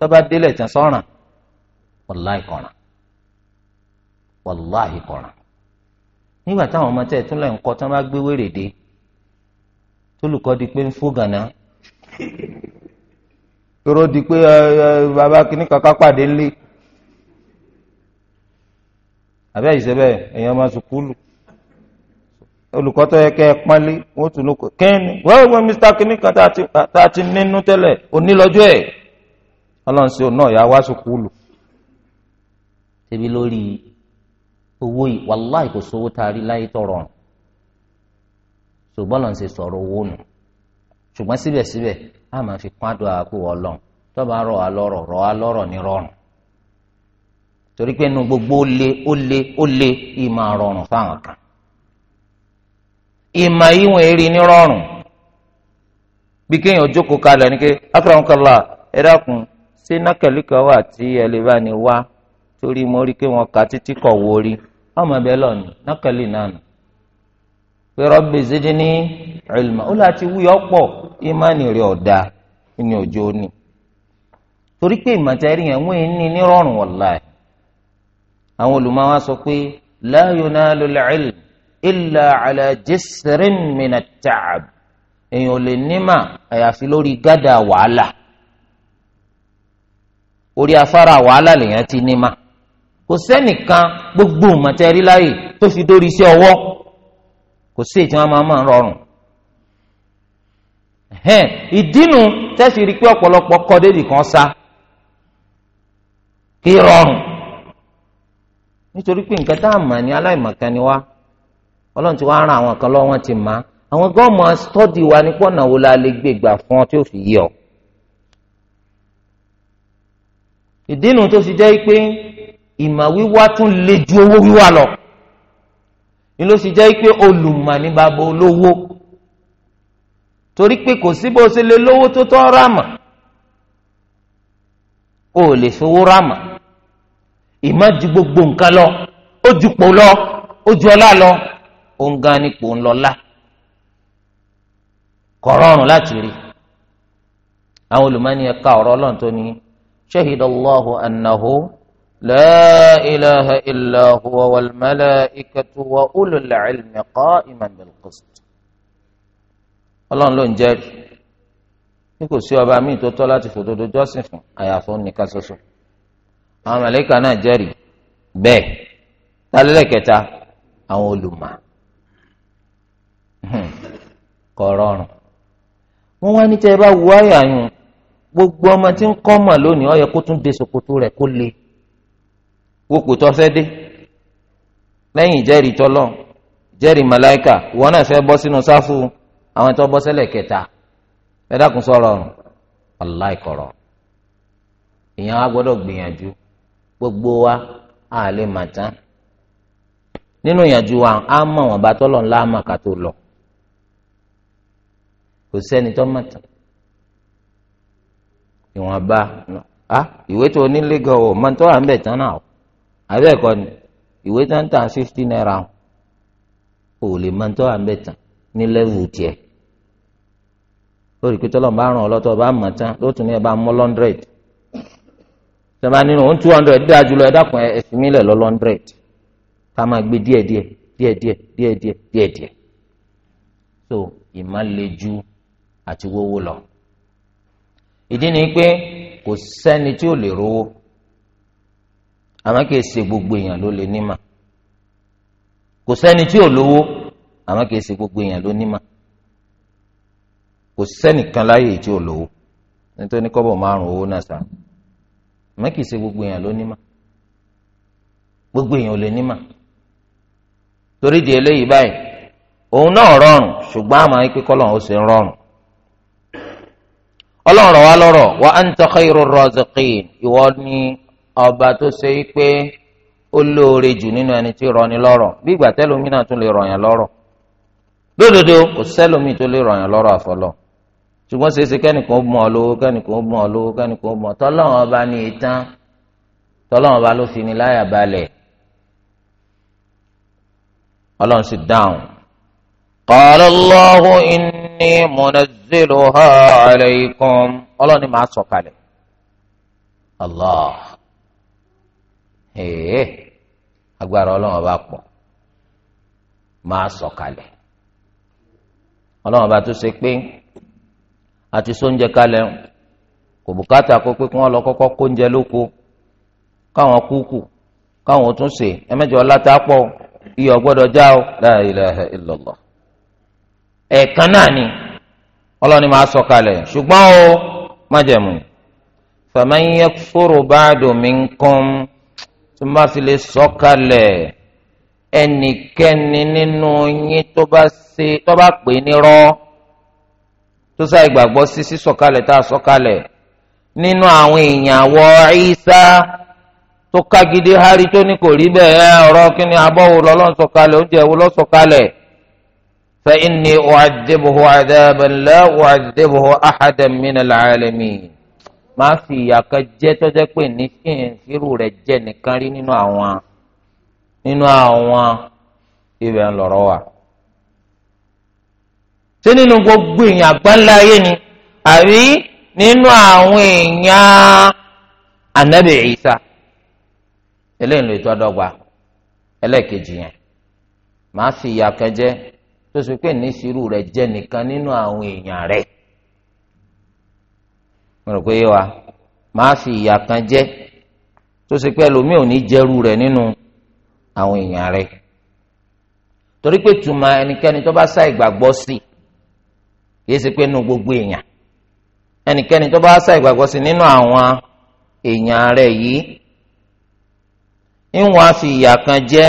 tọ́ba délẹ̀ tẹ̀ sọ́ràn wàláì kọ̀ràn wàláì kọ̀ràn nígbà táwọn ọmọ tẹ̀ e lẹ̀ ń kọ́ tí wọ́n bá gbé wèrè dé tólùkọ́ di pé ń fò gànà tóró di pé bàbá kìnnì kankan pàdé ńlé àbẹ́ ìṣẹ́bẹ̀ èèyàn máa sùkúlù olùkọ́ tó yẹ kẹ́ ẹ wọ́n tún lóko kẹ́ni wọ́n wọ́n mr kìnnì kan tá a ti nínú tẹ́lẹ̀ onílọ́jọ́ ẹ̀. ọlọ́run sí òun náà yà wá sùkúlù tẹbi lórí owó yìí wàláì kò sówó tá a láyé owó nù ṣùgbọ́n síbẹ̀síbẹ̀ a máa fi kún àdó àpò ọlọ́run rọ̀ wá lọ́rọ̀ rọ̀ wá rọrùn gbogbo ó ó ó rọrùn fáwọn kan ìmọ̀ ní rọrùn bí kéèyàn jókòó kalẹ̀ ní ké ṣé nákẹ́lì kan wà tí ẹ lè bá ní wá torí mo rí i pé wọn kà títí kọ̀ wò rí ọmọ ẹbẹ lọ́nù nákẹ́lì náà nù pé rọ́bì zidni ilma ó láti wí ọ̀pọ̀ ìmánì rẹ̀ ọ̀dà ní òjò ni torí pé ìmọ̀tẹ́rì yẹn wọ́n ní nírọ̀rùn wallahi àwọn olùmọ̀ wa sọ pé la yunalul ilm illa ala jisrin minat ta'ab èèyàn ò lè nímà orí afárá wàhálà lèèyàn ti ní ma kò sẹ́nìkan gbogbo mọ̀tẹ́rí láyè tó fi dórí iṣẹ́ ọwọ́ kò sí ètò wọn máa máa rọrùn ìdínú tẹ́sí rí pé ọ̀pọ̀lọpọ̀ kọ́ dédì kan sá kí rọrùn nítorí pé nǹkan tá a mọ̀ ní aláìmọ̀kan ni wá ọlọ́run ti wá ran àwọn kan lọ́wọ́ wọn ti mọ̀ àwọn gọ́ọ̀mù stọ́dì wa ní pọ̀nà wo la lè gbé gbà fún ọ tí ó fi yí ọ ìdínú tó fi jẹ́ pé ìmọ̀ wíwá tún lè ju owó wíwá lọ ni ló fi jẹ́ pé olùmọ̀ ní bàbá olówó torí pé kò sí bó ṣe lè lówó tó tọ́ rámà o ò lè fowó rámà ìmọ̀ ju gbogbo nǹkan lọ ó ju pò lọ ó ju ọlá lọ ó ń gan nípò ńlọlá kọ̀ rọrùn láti rí àwọn olùmọ̀ ní ẹ̀ka ọ̀rọ̀ ọlọ́run tó ní. شهد الله أنه لا إله إلا هو والملائكة وأولو العلم قائما بالقسط Ọlọ́run ló ń jẹ́rìí ní kò sí ọba míì tó tọ́ láti fòdodo jọ́sìn fún àyàfó nìkan ṣoṣo àwọn màlàíkà náà jẹ́rìí bẹ́ẹ̀ tálẹ́lẹ́kẹta àwọn olùmọ̀ hmm, kọ̀ rọrùn wá ní tẹ́ ẹ bá wú àyà yun gbogbo ọmọ tí ń kọ́ mọ̀ lónìí ó yẹ kó tún de ṣòkòtò rẹ̀ kó le wọ́pọ̀ tó fẹ́ dé lẹ́yìn ìjẹ́rìí tọ́lọ́ ìjẹ́rìí màláìkà ìwọ náà fẹ́ bọ́ sínú sáfù àwọn tó bọ́ sẹ́lẹ̀ kẹta ẹ dákun sọ̀rọ̀ ọ̀run aláìkọ̀rọ̀ ìyẹn wa gbọ́dọ̀ gbìyànjú gbogbo wa a lè mà tán nínú ìyànjú wa á mọ̀ wọn bá tọ́lọ̀ ńlá mà tó lọ kò sẹ́ni tó mà tán. ìwọ̀nba a ìwé tó nílé gan o mọ tó wà ń bẹ̀ tán náà o ni ìwé tó ń tà fifty naira o lè mọ tó wà ń bẹ̀ tán ní lẹ́vù tiẹ̀ lórí pé bá ràn ọ́ lọ́tọ́ bá mọ̀ tán lọ lọ́ndrẹ́d ká máa gbé díẹ̀díẹ̀ díẹ̀díẹ̀ díẹ̀díẹ̀ díẹ̀díẹ̀ so ìmọ̀ le ju àti wówó lọ. ìdí ni pé kò sẹ́ni tí ò lè rówó àmọ́ kìí ṣe gbogbo èèyàn ló lè nímà kò sẹ́ni tí ò lówó àmọ́ kìí ṣe gbogbo èèyàn ló nímà kò sẹ́nìkan láyè tí ò lówó nítorí kọ́bọ̀ márùn-ún owó náà sáà àmọ́ kìí ṣe gbogbo èèyàn ló nímà gbogbo èèyàn ò lè nímà torí di eléyìí báyìí òun náà rọrùn ṣùgbọ́n àmọ́ ikú kọ́lọ̀ ó ṣe rọrùn ọlọ́run rọ̀ wá lọ́rọ̀ wa anta khairu raziqin ìwọ ni ọba tó ṣe é pé ó lóore jù nínú ẹni tí rọ̀ ni lọ́rọ̀ bí ìgbà tẹ́lómìnà tún lè rọ̀ yàn lọ́rọ̀ lódodo kò sẹ́lómi tó lè rọ̀ yàn lọ́rọ̀ àfọlọ́ ṣùgbọ́n ṣeéṣe kẹ́nìkan ó mọ̀ ọ́ lówó kẹ́nìkan ó mọ̀ ọ́ lówó kẹ́nìkan ó mọ̀ tọ́lọ́run ọba ní ìtàn tọ́lọ́run ọba ló fi ni láyà balẹ̀ ọlọ́run inni munazziluha alaykum ọlọ́ni máa sọ kalẹ̀ allah ee agbára ọlọ́run bá pọ̀ máa sọ kalẹ̀ ọlọ́run bá tó ṣe pé àti sóúnjẹ kalẹ̀ kò bùkátà kó pé kí wọ́n lọ kọ́kọ́ kóúnjẹ lóko káwọn kúkú káwọn tún ṣe já o ẹ̀ẹ̀kan náà ni ọlọ́ni máa sọ kalẹ̀ ṣùgbọ́n o májẹ̀mú faman yakfuru ba'du tó bá sì lè sọ kalẹ̀ ẹnikẹ́ni nínú yín tó bá ṣe tó bá pè ní rọ́ tó sáà ìgbàgbọ́ sí sísọ̀kalẹ̀ tá a nínú àwọn tó hárí tó ní kò rí bẹ́ẹ̀ فإني أعذبه عذابا لا أعذبه أحدا من العالمين máa fi ìyà jẹ tó jẹ pé ní kí jẹ nìkan rí nínú àwọn nínú àwọn ibẹ̀ ń gbogbo èèyàn àgbáńlá ni àbí nínú àwọn èèyàn ànábì Ìsá tó sì pé nísìrú rẹ̀ jẹ́ nìkan nínú àwọn èèyàn rẹ̀ mo rò pé yé wa máa fi ìyà kan jẹ tó sì pé ẹlòmíì ò ní jẹrú rẹ̀ nínú àwọn èèyàn rẹ̀ torí pé tùmọ̀ ẹnikẹ́ni tó bá sá ìgbàgbọ́ sí kì í ṣe pé nínú gbogbo èèyàn ẹnikẹ́ni tó bá sá ìgbàgbọ́ sí nínú àwọn èèyàn rẹ̀ yìí ń wá fi ìyà kan jẹ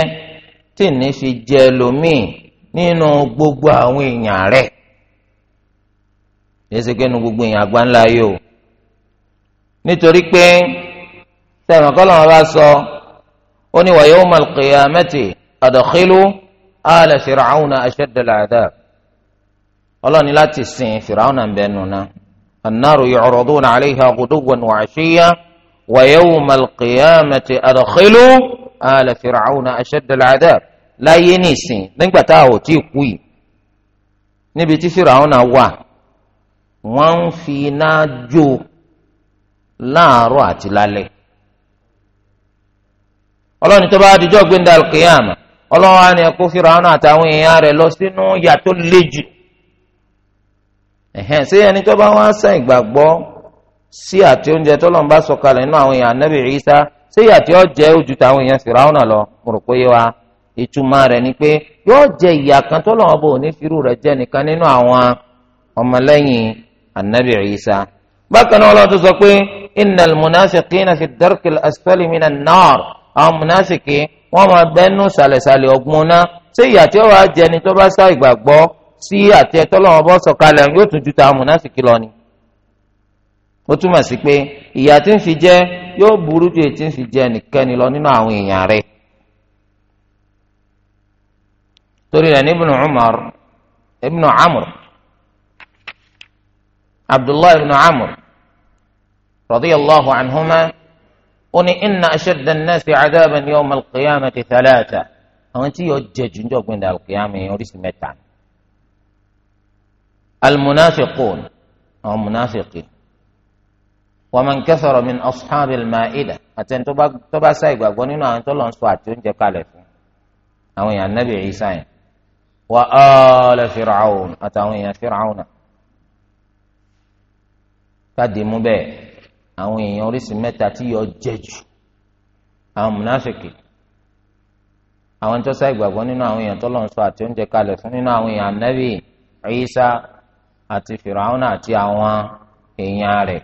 tí ní fi jẹ ẹlòmíì nínú gbogbo àwọn èèyàn rẹ̀ yẹsẹ pé nu gbogbo èèyàn àgbà ńlá yìí o nítorí pé sẹ́wọ̀n kọ́lọ́ wọn bá sọ ó ní wa yawmal qiyamati adkhilu ala fir'auna ashaddal adhab ni láti sin fir'auna ń bẹ nùnà annaru yu'raduna 'alayha ghuduwwan wa 'ashiyya wa yawmal qiyamati adkhilu ala fir'auna ashaddal adhab. láyé ní ìsìn nígbà tá a ò tí ì kú yìí níbi tí wà ń fi iná jó àti lálẹ́ ọlọ́ni tó bá dijọ́ gbéńdà alkiyama ọlọ́wọ́ ni ní ẹ̀kọ́ àtàwọn èèyàn rẹ̀ lọ sínú yà tó le jù ṣé ẹni tó bá wá sàn ìgbàgbọ́ sí àti oúnjẹ tó lọ́n sọ̀kalẹ̀ nínú àwọn èèyàn anábì Ìsá ṣé lọ pé ìtumọ̀ rẹ̀ ni pé yóò jẹ ìyà kan tó lọ́wọ́ bò ní firú rẹ̀ jẹ́ nìkan nínú àwọn ọmọlẹ́yìn anabi Isa bákan náà ọlọ́run tó sọ pé innal munafiqina fi darkil asfali minan nar àwọn munafiki wọ́n máa bẹ́nu sàlẹ̀sàlẹ̀ ọ̀gbun náà ṣé ìyà tí ó wàá jẹ ni tó bá sá ìgbàgbọ́ sí àti ẹ̀tọ́ lọ́wọ́ bọ́ sọ̀kalẹ̀ yóò tún ju tàwọn munafiki lọ ni ó túmọ̀ sí pé ìyà tí ń fi jẹ yóò burú ju èyí tí ń torí rẹ̀ ní ibnu umar ibnu amr abdullahi ibnu amr radiyallahu anhuma ó ní inna ashadda an-nasi adaban yawm al-qiyamati thalatha àwọn tí yóò jẹ jù níjọ́ gbẹ̀ndẹ̀ al-qiyama yẹn oríṣi mẹ́ta al-munafiqun àwọn munafiqi wa man kathara min ashabi al-ma'ida àtẹni tó bá sáyé gbàgbọ́ nínú àwọn tó lọ́n sọ àti oúnjẹ kalẹ̀ fún àwọn èèyàn nabi Isa yẹn. wa ala fir'aun àtàwọn èèyàn fir'aun náà káde mú bẹ́ẹ̀ àwọn èèyàn oríṣi mẹ́ta tí yọ jẹ́ jù àwọn mùnáfìkì àwọn tó sá ìgbàgbọ́ nínú àwọn èèyàn tó lọ́n sọ àti oúnjẹ kalẹ̀ fún nínú àwọn èèyàn ànábì Ìsá àti fìràwọn àti àwọn èèyàn rẹ̀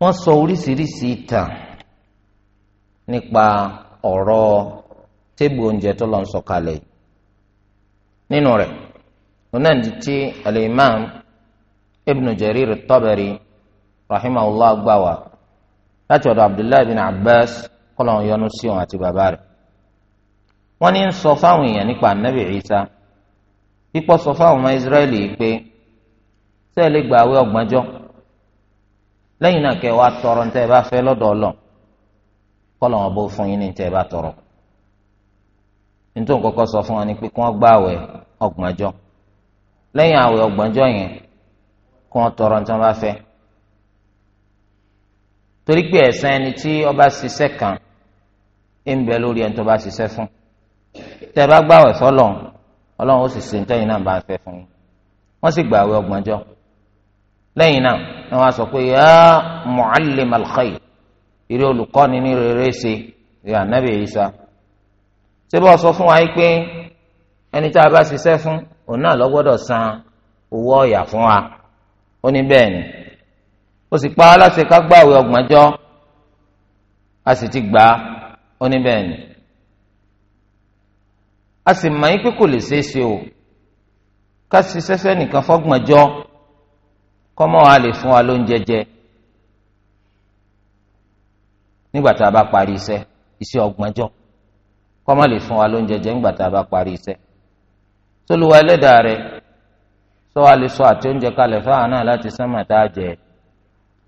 wọ́n sọ oríṣiríṣi ìtàn nípa ọ̀rọ̀ tébù oúnjẹ tó lọ ń sọ̀kalẹ̀ nínú rẹ̀ onáǹdí tí al-imam ibn jarir at-tabari rahimahullah gbà wá láti ọ̀dọ̀ abdullahi bin abbas kọ́lọ̀ ń yọ́nú sí òun àti bàbá rẹ̀ wọ́n ní ń sọ fáwọn èèyàn nípa anabi isa pípọ̀ sọ fáwọn ọmọ israẹli pé sẹ́ẹ̀lì gbààwé ọgbọ̀njọ́ lẹ́yìn náà kẹ́ tọrọ ní bá fẹ́ lọ́dọ̀ ọlọ́ wọn bó fún yín ní tẹ́ bá tọrọ nítorí kọ́kọ́ sọ fún wọn ni pé kí wọ́n gba àwẹ̀ ọgbọ̀njọ́ lẹ́yìn àwẹ̀ ọgbọ̀njọ́ yẹn kí wọ́n tọrọ ní tí wọ́n bá fẹ́ torí pé ẹ̀san ẹni tí ó bá ṣiṣẹ́ kan ń bẹ lórí ẹni tó bá ṣiṣẹ́ fún tẹ́ bá gbàwẹ̀ sọ́lọ̀ ọlọ́run ó sì ṣe ní náà bá fẹ́ fún yín wọ́n sì gbàwẹ̀ ọgbọ̀njọ́ lẹ́yìn náà ni wọ́n á sọ pé yá muallim al ìrẹ́ olùkọ́ni ní rere ṣe ìrẹ́ ànábì ṣé bá sọ fún wa yìí pé ẹni tá a bá ṣiṣẹ́ fún òun náà lọ gbọ́dọ̀ san owó ọ̀yà fún wa ó ní bẹ́ẹ̀ ni ó sì pa á láṣẹ ká gbàwé ọgbọ̀njọ́ a sì ti gbà á ó ní bẹ́ẹ̀ ni a sì mọ̀ yín pé kò lè ṣeé ṣe o ká ṣiṣẹ́ sẹ́nìkan fọ́gbọ̀njọ́ kọ́mọ́ wa lè fún wa lóúnjẹ jẹ nígbà tá a bá parí iṣẹ́ iṣẹ́ ọgbọ̀njọ́. kọ́mọ́ lè fún wa lóúnjẹ jẹ ńgbà tá a bá parí iṣẹ́ sólùwà sọ wa lè sọ àti oúnjẹ kalẹ̀ fáwọn náà láti sánmà tá a jẹ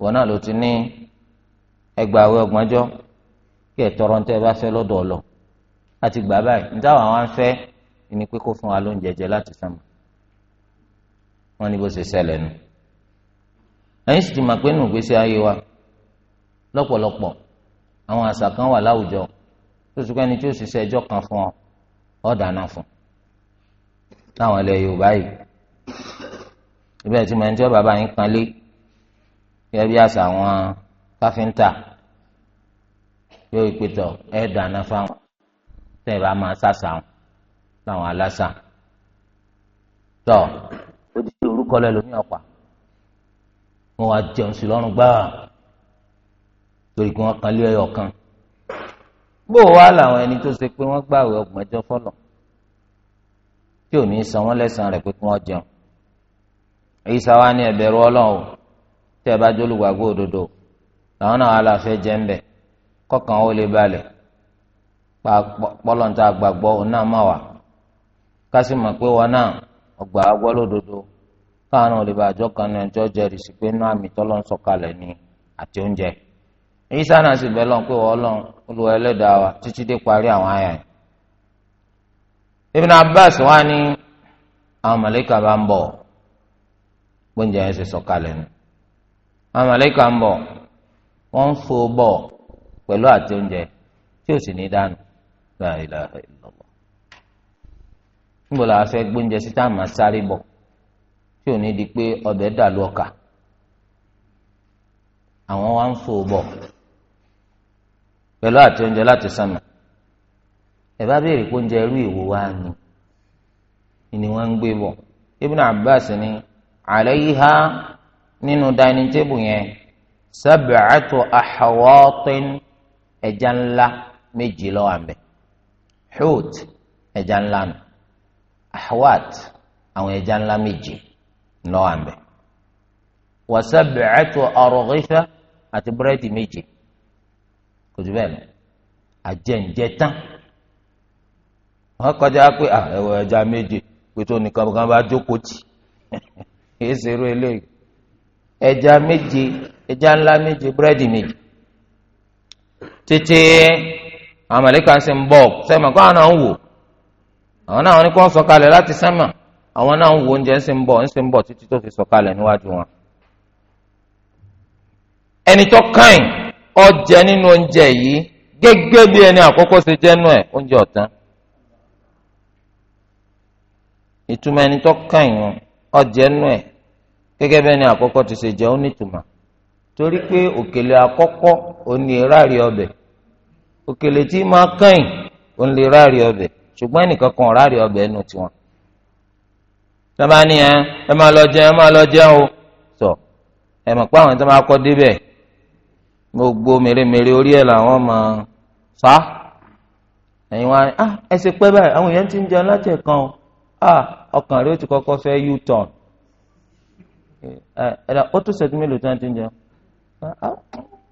wọn náà ló ti ní ẹgbàáwé kí ẹ tọrọ ntẹ bá fẹ́ lọ́dọ̀ ọlọ láti gbà báyìí níta àwọn àwọn ni fún wa láti sánmà wọn ni bó ṣe ṣẹlẹ̀ pé ayé wa lọ́pọ̀lọpọ̀ àwọn àṣà wà láwùjọ tó sì kọ́ ẹni tí ó ṣiṣẹ́ ẹjọ́ kan fún ọ ọ́ dáná fún táwọn ilẹ̀ Yorùbá yìí ibẹ̀ tí mo ń tẹ́ bàbá yín kanlé gẹ́gẹ́ bí àṣà àwọn káfíńtà yóò ìpètọ̀ ẹ̀ dáná fáwọn tẹ́ ẹ bá máa ṣàṣà wọn láwọn aláṣà tọ́ ó di orúkọ lẹ́ lómi ọ̀pá wọn wá jẹun sí lọ́rùn gbáà torí kí wọ́n kan lé ẹyọ bó wá làwọn ẹni tó ṣe pé wọ́n gbàwé ọgbọ̀njọ́ fọlọ̀ tí ò ní san wọ́n lẹ́sàn rẹ̀ pé kí wọ́n jẹun èyí sáwá ní ẹ̀bẹ̀rù ọlọ́run tí ẹ bá jólùgbàgbọ́ òdodo làwọn náà wà láfẹ́ jẹ́ ń ó lè balẹ̀ pọ́lọ́ntà àgbàgbọ́ òun náà má wà mọ̀ pé wọn náà ọgbà káwọn náà lè Isa náà sì bẹ́ẹ̀ lọ́n pé wọ́n lọ́n Olúwa wa títí dé parí àwọn àyà yìí. Ibn Abbas àwọn bá ń bọ̀ gbóúnjẹ yẹn ṣe sọ̀kalẹ̀ ni. àwọn màlàíkà ń bọ̀ wọ́n ń fò bọ̀ pẹ̀lú àti oúnjẹ tí ò sì ní dànù la ilaha gbóúnjẹ pẹ̀lú àti oúnjẹ láti sànà ẹ bá béèrè pé oúnjẹ irú ìwò wa ni ni wọ́n ń gbé bọ̀ Ibn Abbas ni alayha nínú dining table yẹn sab'atu ahwatin ẹja ńlá méjì ló wà ńbẹ̀ hut ńlá nù ahwat àwọn ẹja ńlá méjì ló wà ńbẹ̀ wa sab'atu arghitha àti búrẹ́dì méjì. kò bẹ́ẹ̀ lọ àjẹǹjẹ tán wọn kọjá pé ẹwọ ẹja méje pé tó nìkan kan bá jókòó tì kìí ṣerú eléyìí ẹja méje ẹja ńlá méje búrẹ́dì méje títí àwọn ń sìn bọ́ọ̀ sẹ́mà kó àwọn náà ń wò àwọn náà ní kó wọ́n sọ̀kalẹ̀ láti sẹ́mà àwọn náà ń wò fi sọ̀kalẹ̀ níwájú wọn ọjẹ nínú oúnjẹ yìí gẹ́gẹ́ bí ẹni àkọ́kọ́ ṣe jẹ́ nù ẹ̀ oúnjẹ ọ̀tán. ìtumọ̀ ẹni tó kàn yín ọjẹ nù ẹ̀ gẹ́gẹ́ bí ẹni àkọ́kọ́ ti ṣe jẹ́ ó nítumọ̀ torí pé òkèlè àkọ́kọ́ òní ìráàrí ọbẹ̀ òkèlè tí máa kàn yín òun lè ráàrí ọbẹ̀ ẹnìkan kan ráàrí ọbẹ̀ ẹnu tiwọn. sábà ní ẹ máa lọ jẹun ẹ máa lọ jẹun o sọ ẹ mọ̀ pé àwọn tó máa kọ́ débẹ̀ gbogbo mèremère orí ẹ̀ làwọn máa fa ẹ̀yin wa ah ẹsẹ̀ pẹ́ báyìí àwọn èèyàn ti ń jẹun láti ẹ̀kan o ah ọkàn rẹ ó ti kọ́kọ́ fẹ́ u-turn eh, eh, ẹ̀dá ó tún ṣẹ́jú mélòó tí wọ́n ti ń jẹun ah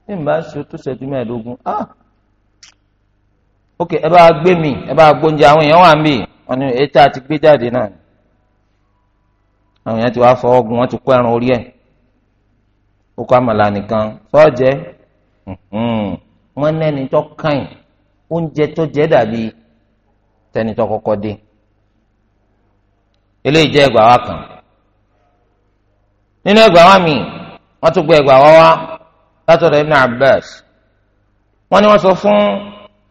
bí n bá ṣe ó tún ṣẹ́jú ah ok ẹ bá gbé mi ẹ bá gbóúnjẹ àwọn èèyàn wà ń bì wọn ni ètò àti gbé jáde náà àwọn èèyàn ti wá fọwọ́ gun wọn ti kó ẹran orí ẹ̀ ó kọ́ nìkan sọ́ọ̀jẹ́ Hmm. wọn nẹni tó kàn oúnjẹ tó jẹ dàbí tẹni tó kọ́kọ́ dé eléyìí jẹ kan nínú ẹgbàá wa mi wọn tún gbé ẹgbàá wa wá látọ̀dọ̀ ni wọn sọ fún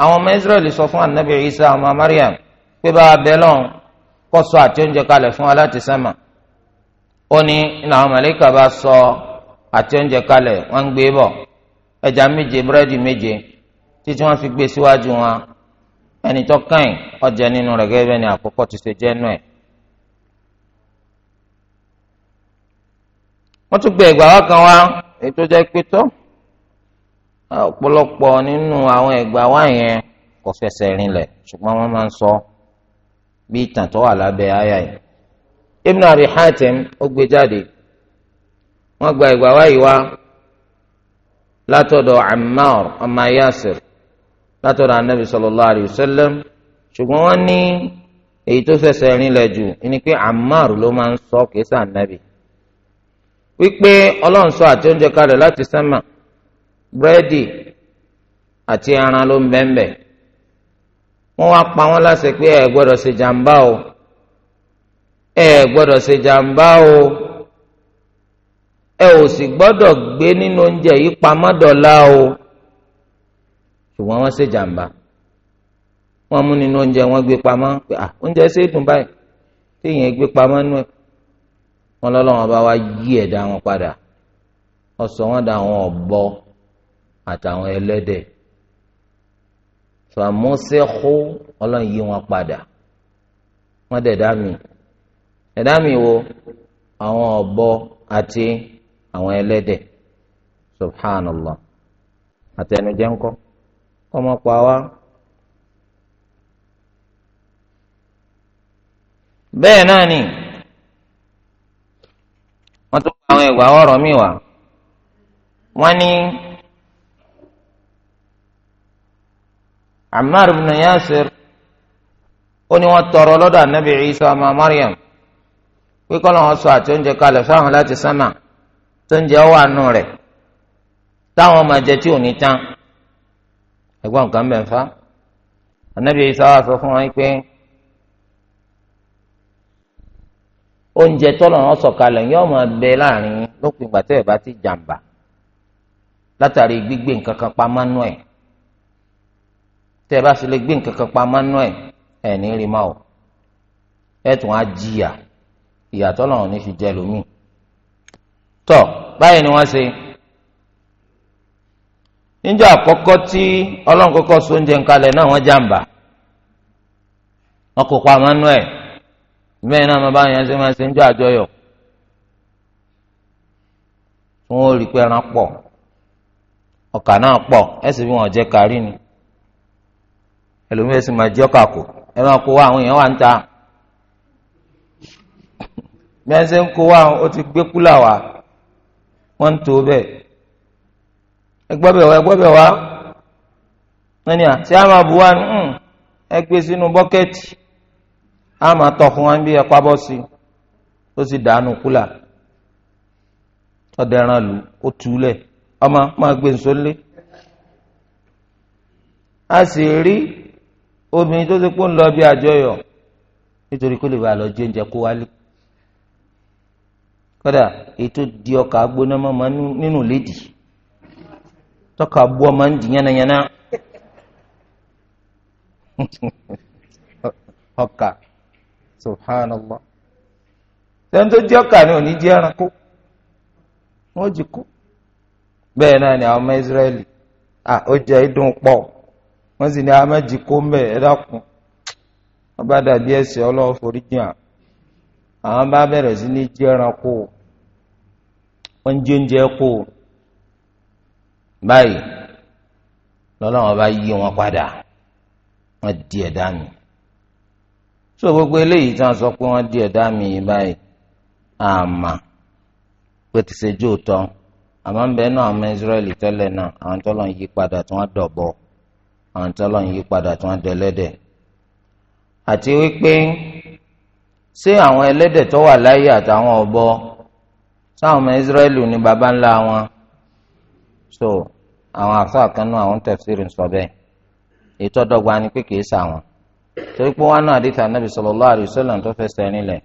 àwọn ọmọ Israẹli sọ fún Isa ọmọ Mariam pé bá a bẹ kó sọ àti oúnjẹ kalẹ̀ fún wa láti sánmà ó ní ní àwọn bá oúnjẹ wọn ń gbé ẹja méje búrẹ́dì méje títí wọ́n fi gbé síwájú wọn ẹni tó kàn ọjà nínú rẹ gẹ́gẹ́ ni àkọ́kọ́ ti ṣe jẹ́ nù ẹ̀. wọ́n tún gbé kan wá ètò jẹ́ pé tó ọ̀pọ̀lọpọ̀ nínú àwọn ẹ̀gbà wá yẹn kò fẹsẹ̀ rinlẹ̀ ṣùgbọ́n wọ́n máa ń sọ bí ìtàn tó wà lábẹ́ àyà yìí. Hatim látọ̀dọ̀ Ammar ọmọ Yasir látọ̀dọ̀ anabi sallallahu alayhi wa sallam ṣùgbọ́n wọ́n ní èyí tó fẹsẹ̀ rinlẹ̀ jù ni pé Ammar ló máa ń sọ kìí sàn nàbì wípé ọlọ́run sọ àti oúnjẹ kalẹ̀ láti sánmà búrẹ́dì àti ẹran ló ń bẹ́ńbẹ́ wọ́n wá pa wọ́n láṣẹ pé ẹ gbọ́dọ̀ ṣe jàǹbá o ẹ gbọ́dọ̀ ṣe jàǹbá o ẹ ò sì gbọ́dọ̀ gbé nínú oúnjẹ yìí pamọ́ dọ̀la o ṣùgbọ́n wọ́n ṣe jàǹbá wọ́n mú nínú oúnjẹ wọ́n gbé pamọ́ pé à oúnjẹ ṣe é dùn báyìí téèyàn gbé pamọ́ nú ẹ̀ wọ́n lọ́lọ́wọ́n bá wá yí ẹ̀dá wọn padà ọ̀sọ̀ wọn dà wọn ọ̀bọ àtàwọn ẹlẹ́dẹ̀ fàmọ́sẹ́kù ọlọ́run yí wọn padà wọ́n dẹ̀ mi ẹ̀dá mi wo àwọn ọ̀bọ àti àwọn ẹlẹ́dẹ̀ subhanallah àtẹnujẹ ńkọ́ kọ́mọ́pá wa. bẹ́ẹ̀ náà ni wọ́n tún kọ àwọn ìwà ọ̀rọ̀ mi wá wọ́n ní Ammar ibn Yasir ó ní wọ́n tọrọ lọ́dọ̀ anabi Isa ọmọ Maryam pé kọ́ ló ń sọ àti oúnjẹ kalẹ̀ fáwọn láti sánmà tó ń jẹ ọwọ́ àánú rẹ̀ táwọn máa jẹ tí ò ní tán ẹ̀gbọ́n nǹkan bẹ̀ ń fa ànábìyẹ ìsáwá sọ fún wọn pé oúnjẹ tọ́lọ̀ wọn sọ̀kalẹ̀ yóò máa bẹ láàrin lópin ìgbà tó ẹ̀ bá ti jàǹbá látàrí gbígbé nǹkan kan pa mánú ẹ̀ tẹ́ ẹ bá sì lè gbé nǹkan kan pa mánú ẹ̀ ẹ̀ ní rí ma ẹ̀ tún á jìyà ìyàtọ̀ lọ́wọ́ ní fi jẹ́ lómìn tọ báyìí ni wọ́n ṣe níjọ́ àkọ́kọ́ tí Ọlọ́run kọ́kọ́ so oúnjẹ nkalẹ̀ náà wọ́n jàǹbá wọ́n kó pa àmọ́nú ẹ̀ bẹ́ẹ̀ náà bàbá yẹn ṣe máa ṣe níjọ́ àjọyọ̀ fún wọn rí pé ẹran ọkà náà bí kárí ni ẹlòmíràn sì máa jẹ́ ọkà kù ẹ máa kó wa àwọn wa wọ́n ń tó bẹ́ẹ̀ ẹgbọ́ bẹ̀ wá ẹgbọ́ bẹ̀ wá wọ́n à tí a bu wa ni hmm. ẹ gbé sínú bọ́kẹ́tì a tọ̀ fún wa bí ẹ pa sí ó sì dànù kúlà ọ̀dẹ̀ràn lù ó túlẹ̀ ọmọ máa gbé a sì rí obìnrin tó ti pọ́n lọ bí àjọyọ̀ nítorí kó lè lọ jẹ kódà ètò di ọkà gbóná mọ́mọ́ nínú lédi tọ́ka bú ọmọ ń di yánnayànna ọkà subhanallah tó di ọkà ni ní di ẹranko wọ́n jí kú bẹ́ẹ̀ náà ni àwọn ọmọ Israẹli à ó jẹ́ ìdùn pọ̀ wọ́n sì ní ẹ dákun dàbí ọlọ́wọ́ àwọn bá bẹ̀rẹ̀ sí ní ẹranko wọ́n ń jí oúnjẹ kó o báyìí lọ́lọ́wọ́n bá yí wọn padà wọ́n di ẹ̀dá mi so gbogbo eléyìí tí wọ́n sọ pé wọ́n di ẹ̀dá mi yìí báyìí àmà pé ti ṣe jó tán àmọ́ ń bẹ náà ọmọ Ísírẹ́lì tẹ́lẹ̀ náà àwọn tó lọ́n yí padà tí wọ́n dọ̀bọ̀ àwọn tó lọ́n yí padà tí wọ́n dẹlẹ́dẹ̀ àti wípé ṣé àwọn ẹlẹ́dẹ̀ tó wà láyé àtàwọn ọ̀bọ táwọn ọmọ israẹli ní baba ńlá wọn so àwọn àfáà kan náà àwọn tẹfsiri sọ bẹ́ẹ̀ ètò ọdọgba ni pé kì í sàwọn torí pé wọn náà àdìtà nàbì sallallahu alaihi wasallam tó fẹsẹ̀ nílẹ̀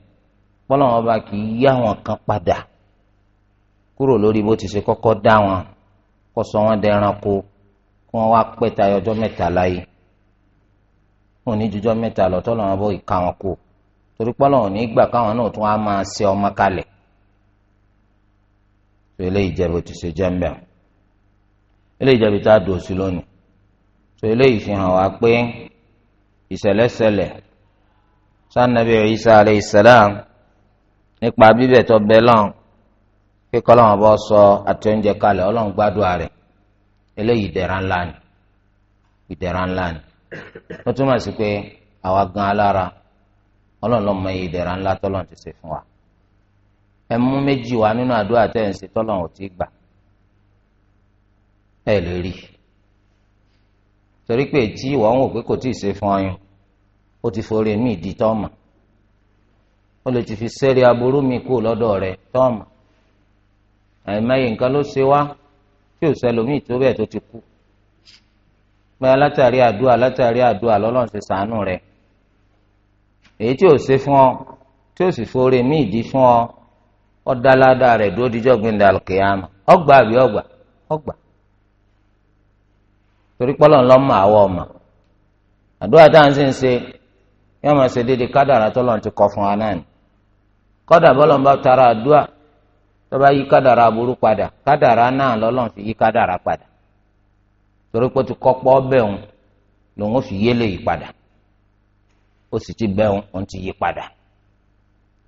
pọlọ wọn bá kì í yá wọn kan padà kúrò lórí bó ti ṣe kọ́kọ́ dá wọn kó sọ wọn dẹranko kí wọn wá pẹ́ tayọ ọjọ́ mẹ́ta láyé wọn ní jùjọ mẹ́ta lọ tọlọ bó ìka wọn kú torí pọlọ wọn ní gbà káwọn náà tún wá máa ṣe ọmọ kalẹ̀ tó eléyìí jẹ́ bó ti ṣe jẹ́ mbẹ́ eléyìí bí tá a dùn sí lónìí tó eléyìí fi hàn wá pé ìṣẹ̀lẹ̀ṣẹlẹ̀ sanabi Isa salam nípa bíbẹ̀ tó bẹ́ lọ́n sọ àti oúnjẹ eléyìí ńlá ni ńlá ni túmọ̀ sí pé àwa ẹ mú méjì wá nínú àdúrà tẹ́ ẹ̀ ń ṣe tọ́lọ́run ò tí ì gbà ẹ lè rí torí pé tí ìwọ ń wò pé kò tí ì ṣe fún ọyún ó ti forí mi ìdí tọ́ọ̀mà ó lè ti fi sẹ́rí aburú mi kú lọ́dọ̀ rẹ tọ́ọ̀mà àìmọye nǹkan ló ṣe wá tí ò sẹlòmíì tó bẹ́ẹ̀ tó ti kú pé látàrí àdúrà látàrí àdúrà lọ́lọ́run ṣe ṣàánú rẹ èyí tí ò ṣe fún ọ tí ò sì forí mi ìdí fún ọ ọ̀dà ládàá rẹ̀ dúró díjọ́ gbẹ̀ndà àlùkìyàmà ọgbà àbí ọgbà ọgbà torí pọ́lọ́ ńlọ́mọ àwọ̀ ọ̀mà àdúrà táwọn sì ń ṣe yóò máa ṣe déédéé kádàrà tó lọ́n ti kọ fún wa náà kọ́dà bọ́lọ̀ ń bá tara àdúrà tó bá yí kádàrà aburú padà kádàrà náà lọ́lọ́n fi yí kádàrà padà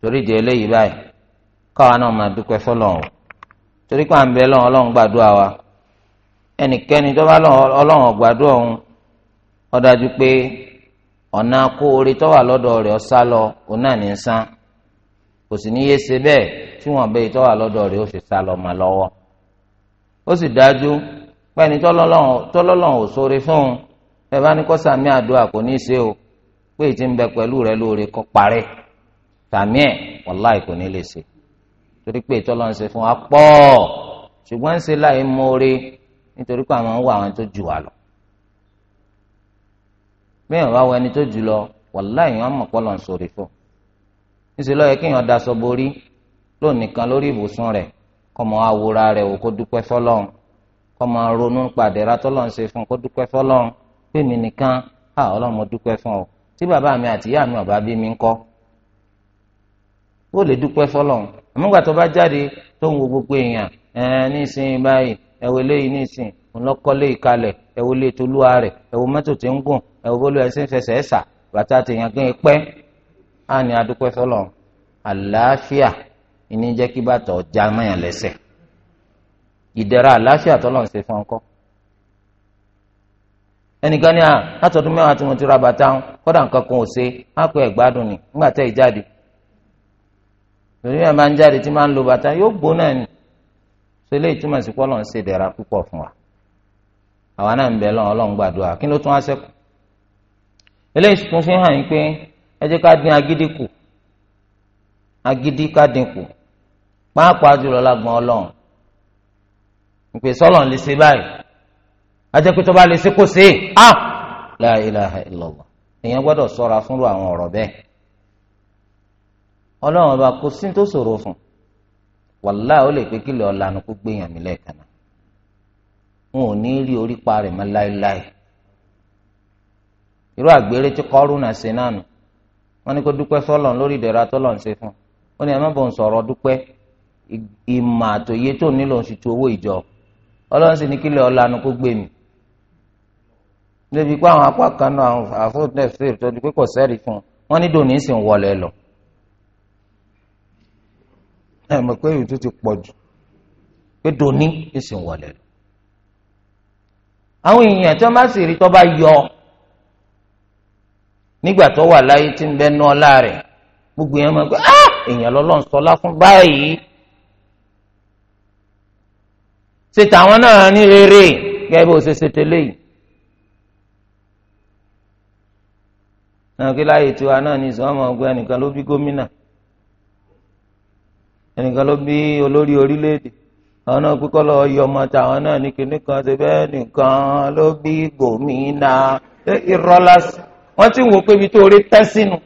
torí pé káwa náà máa dúpẹ́ fọlọ́run torí pé à ń bẹ lọ́wọ́ ọlọ́run gbàdúrà wa ẹnikẹ́ni tó bá ọlọ́run gbàdúrà òun ọ dájú pé ọ̀nà kó orí tó wà lọ́dọ̀ rẹ̀ lọ òun náà ní í kò sì ní yé ṣe bẹ́ẹ̀ tí wọ́n bẹ́ẹ̀ tó wà lọ́dọ̀ rẹ̀ ó sì sá lọ mà lọ́wọ́ ó sì dájú pé ẹni ò fún un bá kò ní o pé torí pé ìtọ́lọ́ ń ṣe fún wa pọ̀ ṣùgbọ́n ń ṣe láì mọ́ọ́rẹ́ nítorí pé àwọn ń wá àwọn tó jù wá lọ bẹ́ẹ̀ wá wọ ẹni tó jù lọ wàláì wọn mọ̀ pọ́lọ̀ ń sọ̀rọ̀ fún níṣẹ́ lọ́yẹ kí èèyàn daṣọ borí lónìkan lórí ibùsùn rẹ̀ kọ́ mọ awòra rẹ̀ wò kó dúpẹ́ fọlọ́run kọ́ mọ ronú pàdéra tọ́lọ̀ ń ṣe fún kó dúpẹ́ fọlọ́run pé mi nìkan á ọlọ́run mo dúpẹ́ fún ọ tí bàbá mi àti ìyá mi ọ̀bá bí mi ń kọ́ ó lè dúpẹ́ fọlọ́run àmúgbà tó bá jáde tó ń wo gbogbo èèyàn ẹ nísìnyí báyìí ẹwọ eléyìí nísìnyí ńlọkọlé ìkalẹ̀ ẹwọ ilé tolúwa rẹ ẹwọ tí ń gùn ẹwọ ẹsẹ fẹsẹ̀ ẹsà bàtà tèèyàn e á ní adúpẹ́ àlàáfíà ìní kí lẹ́sẹ̀ àlàáfíà ń ṣe fún ẹnìkan mẹ́wàá tí mo ti ra bàtà nǹkan kan ò ṣe á ni lórí ẹ̀ máa ń jáde tí máa ń lo bàtà yóò gbóná ni ṣe lè túmọ̀ sí pọ́lọ̀ ń ṣe dẹ̀ra púpọ̀ fún wa àwa náà ń bẹ gbàdúrà kí ló tún wá sẹ́kù fi hàn yín pé ẹ jẹ́ ká dín agídí kù agídí ká dín kù jùlọ ìpè sọ́lọ̀ lè ṣe ah èèyàn gbọ́dọ̀ sọ́ra fúnrú àwọn ọ̀rọ̀ bẹ́ẹ̀ ọlọ́run ọba kò sí tó fun? fún wàlá ó lè pé kí lè ọ̀lànà kó gbé mí lẹ́ẹ̀kan náà wọn ò ní rí orí pa rẹ̀ mọ́ láéláé irú àgbèrè tí kọ́rùnà ṣe náà nù wọ́n ní kó dúpẹ́ sọ́lọ̀ lórí ìdẹ̀ra ṣe fún ó ní ẹ ń sọ̀rọ̀ dúpẹ́ ìmọ̀ àtòyé owó ìjọ ọlọ́run sì ní kí lè kó ẹ mọ̀ pé èyí tó ti pọ̀ jù pé doni ìsìn wọlé lọ àwọn èèyàn tí wọ́n bá sì rí tó bá yọ nígbà tó wà láyé tí ń bẹ ná ọlá rẹ̀ gbogbo èèyàn máa gbé ah èèyàn lọ́lọ́run sọlá fún báyìí ṣe tàwọn náà ní rere gẹ́gẹ́ bó ṣe ṣe tẹ́lẹ̀ yìí. náà láyé tiwa náà ní ìsọ́mọ̀ ọgbẹ́ ẹnìkan ló bí gómìnà ẹnìkan ló bí olórí orílẹ̀-èdè àwọn náà pípọ́ lọ yọ ọmọ náà ní kinní kan ṣe bẹ́ẹ̀ nìkan ló bí gómìnà irọ́ wọ́n ti wò pé ibi tó rí tẹ́ sínú.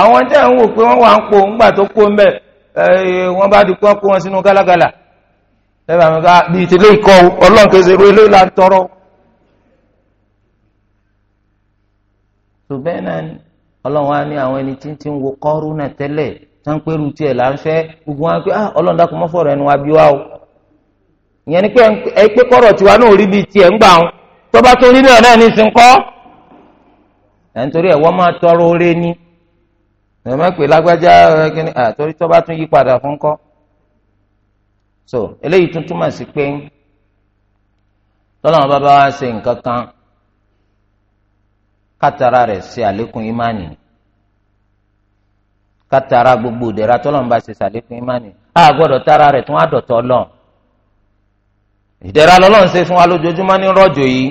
àwọn jẹ́ wò pé wọ́n wà ń po ń tọrọ. tó ọlọ́run á ní àwọn ẹni tí ń ti ń wo kọ́rúnà tẹ́lẹ̀ tí ń pẹ́rù tiẹ̀ là ń fẹ́ gbogbo wọn pé ah, ọlọ́run dákun ẹnu wa bí o ìyẹn ni pé ẹ pé kọ́rọ̀ tiwa náà rí bíi tiẹ̀ ń gbà wọn tó bá tó rí tọrọ oore ni ẹ̀ pè lágbájá àtọ́rí tó bá so eléyìí tún túmọ̀ sí pé kátara rẹ̀ ṣe àlékún ìmánì kátara gbogbo ìdẹ̀ra tọ́lọ́run bá ṣe ṣàlékún ìmánì á gbọ́dọ̀ tara rẹ̀ tún àdọ̀tọ̀ ọlọ́run ìdẹ̀ra lọ́lọ́run ṣe fún wa lójoojúmọ́ ní rọ́jò yìí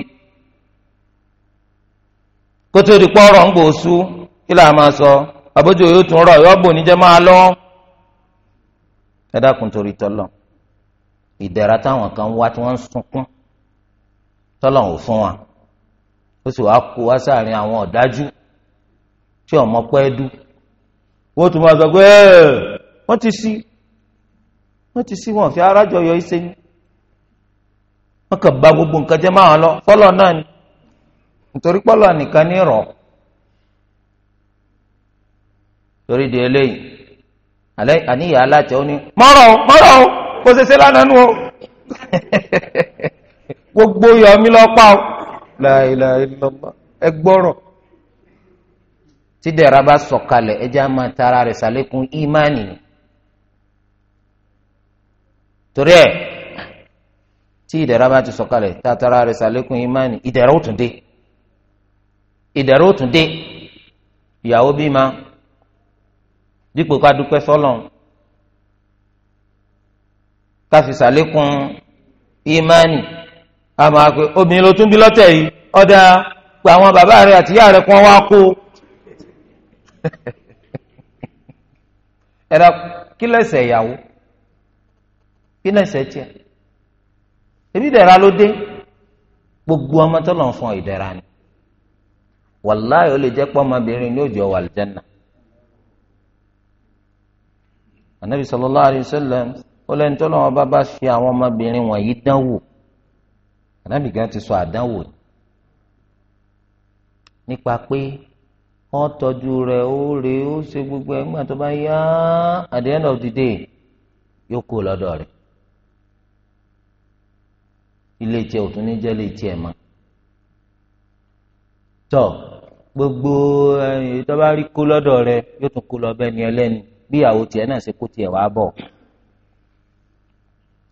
kótó di pọ́ọ̀rọ̀ ń gbòòsú kí là máa sọ àbójú yóò tún rọ̀ yóò bò níjẹ́ máa lọ́ ẹ dákun torí tọ́lọ̀ ìdẹ̀ra táwọn kan wá tí wọ́n ń sunkún tọ́lọ̀ ò fún wa. ó sì wáá kó wá sáàrin àwọn ọ̀dájú tí ọmọ pẹ́ dú wọ́n tún máa sọ pé wọ́n ti sí wọ́n ti sí wọn fi arájọ yọ ìṣe ni wọ́n kàn bà gbogbo nǹkan jẹ́ máa lọ pọlọ náà ni nítorí pọ́lọ́ nìkan ní rọ̀ torí di eléyìí ó ní mọ́rọ̀ o mọ́rọ̀ o kò ṣe ṣe la ilaha illallah ẹ gbọ́rọ̀ tí dẹ̀ra bá sọ̀kalẹ̀ ẹ jẹ́ á máa tara rẹ̀ sàlékún ìmánì ni torí ẹ̀ tí ìdẹ̀ra bá ti sọ̀kalẹ̀ tatara rẹ̀ sàlékún ìmánì ìdẹ̀ra ó tún dé ìdẹ̀ra ó tún dé ìyàwó bímọ dípò ká dúpẹ́ sọ́lọ́n ká fi sàlékún ìmánì àmọ́ àpè obìnrin ló tún bí lọ́tẹ̀ yìí ọ̀dà pé àwọn bàbá rẹ̀ àti ìyá rẹ̀ kan wá kó ẹ̀rọ kí lẹ́sẹ̀ ìyàwó kí lẹ́sẹ̀ tiẹ̀ ebi dẹ̀ra ló dé gbogbo ọmọ tó lọ́n fún ìdẹ̀ra ni wàláyé ó lè jẹ́ pọ́ ní òjò wà lẹ́nà anabi sallallahu alayhi ó lẹ́ni tó lọ́wọ́ bá bá fi àwọn ọmọbìnrin wọ̀nyí dánwò ànábì gan ti sọ àdánwò nípa pé ọ tọ́jú rẹ̀ ó rè ó ṣe gbogbo ẹ̀ nígbà tó bá yá at the end of the day yóò kó lọ́dọ̀ rẹ̀ ilé tiẹ̀ ò tún ní jẹ́ ilé tiẹ̀ mọ́ tọ́ gbogbo ẹ̀yìn tó bá rí kó lọ́dọ̀ rẹ̀ yóò tún kó lọ bẹ́ẹ̀ ni ẹlẹ́ni bí ìyàwó tiẹ̀ náà ṣe kó tiẹ̀ wá bọ̀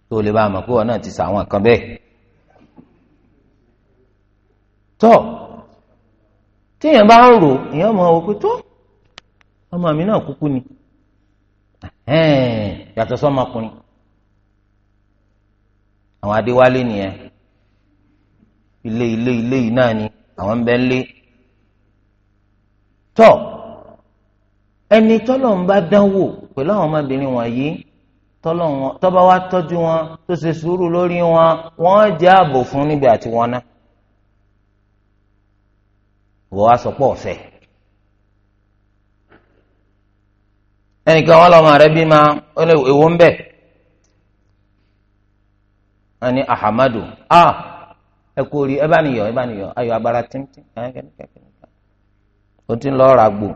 tó lè bá a mọ̀ pé wọn náà ti sàwọn kan bẹ́ẹ̀ tọ́ tí èèyàn bá ń rò èèyàn máa wò pé tó ọmọ mi náà kúkú ni yàtọ̀ sọ́mọkùnrin àwọn adéwálé nìyẹn ilé ilé ilé yìí náà ni àwọn ń bẹ lé tọ́ ẹni tọ́lọ̀ ń bá dánwò pẹ̀lú àwọn ọmọbìnrin wọ̀nyí tọ́lọ̀ wọn tọ́ba wa tọ́jú wọn tó ṣe sùúrù lórí wọn wọ́n jẹ́ ààbò fún nígbà tí wọ́n náà wọ́n wá sọ pé ọ̀fẹ́. ẹnìkan wọn lọmọ rẹ bí ma ewo ń bẹ wọn ni ahamadu a ẹ kú orí ẹ bá nìyọ ẹ bá nìyọ ayọ agbára tìǹtìǹ o ti ń lọ ra gbò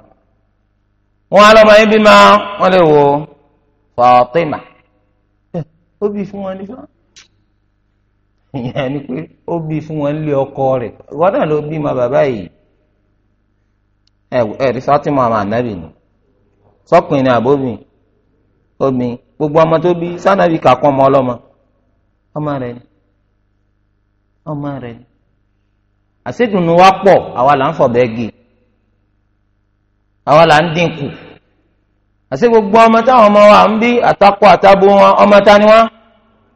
wọn á lọmọ yín bí ma wọn lè wo Fatima ó bí fún wọn ní fún ìyẹn ni pé ó bí fún wọn lé ọkọ rẹ̀ wọn náà ló bí ma bàbá yìí ẹ̀rí sọ́tìmọ̀ ọmọ ànábì ni sọ́kùnrin ni àbóbìn omi gbogbo ọmọ tó bí sànàbì kàkọ́ ọmọ ọlọ́mọ ọmọ rẹ ni ọmọ rẹ ni àṣedùnú wa pọ̀ àwa là ń fọ̀bẹ́ gé àwa là ń dínkù àṣe gbogbo ọmọ táwọn ọmọ wa ń bí àtakọ àtabo wọn ọmọ ta ni wọn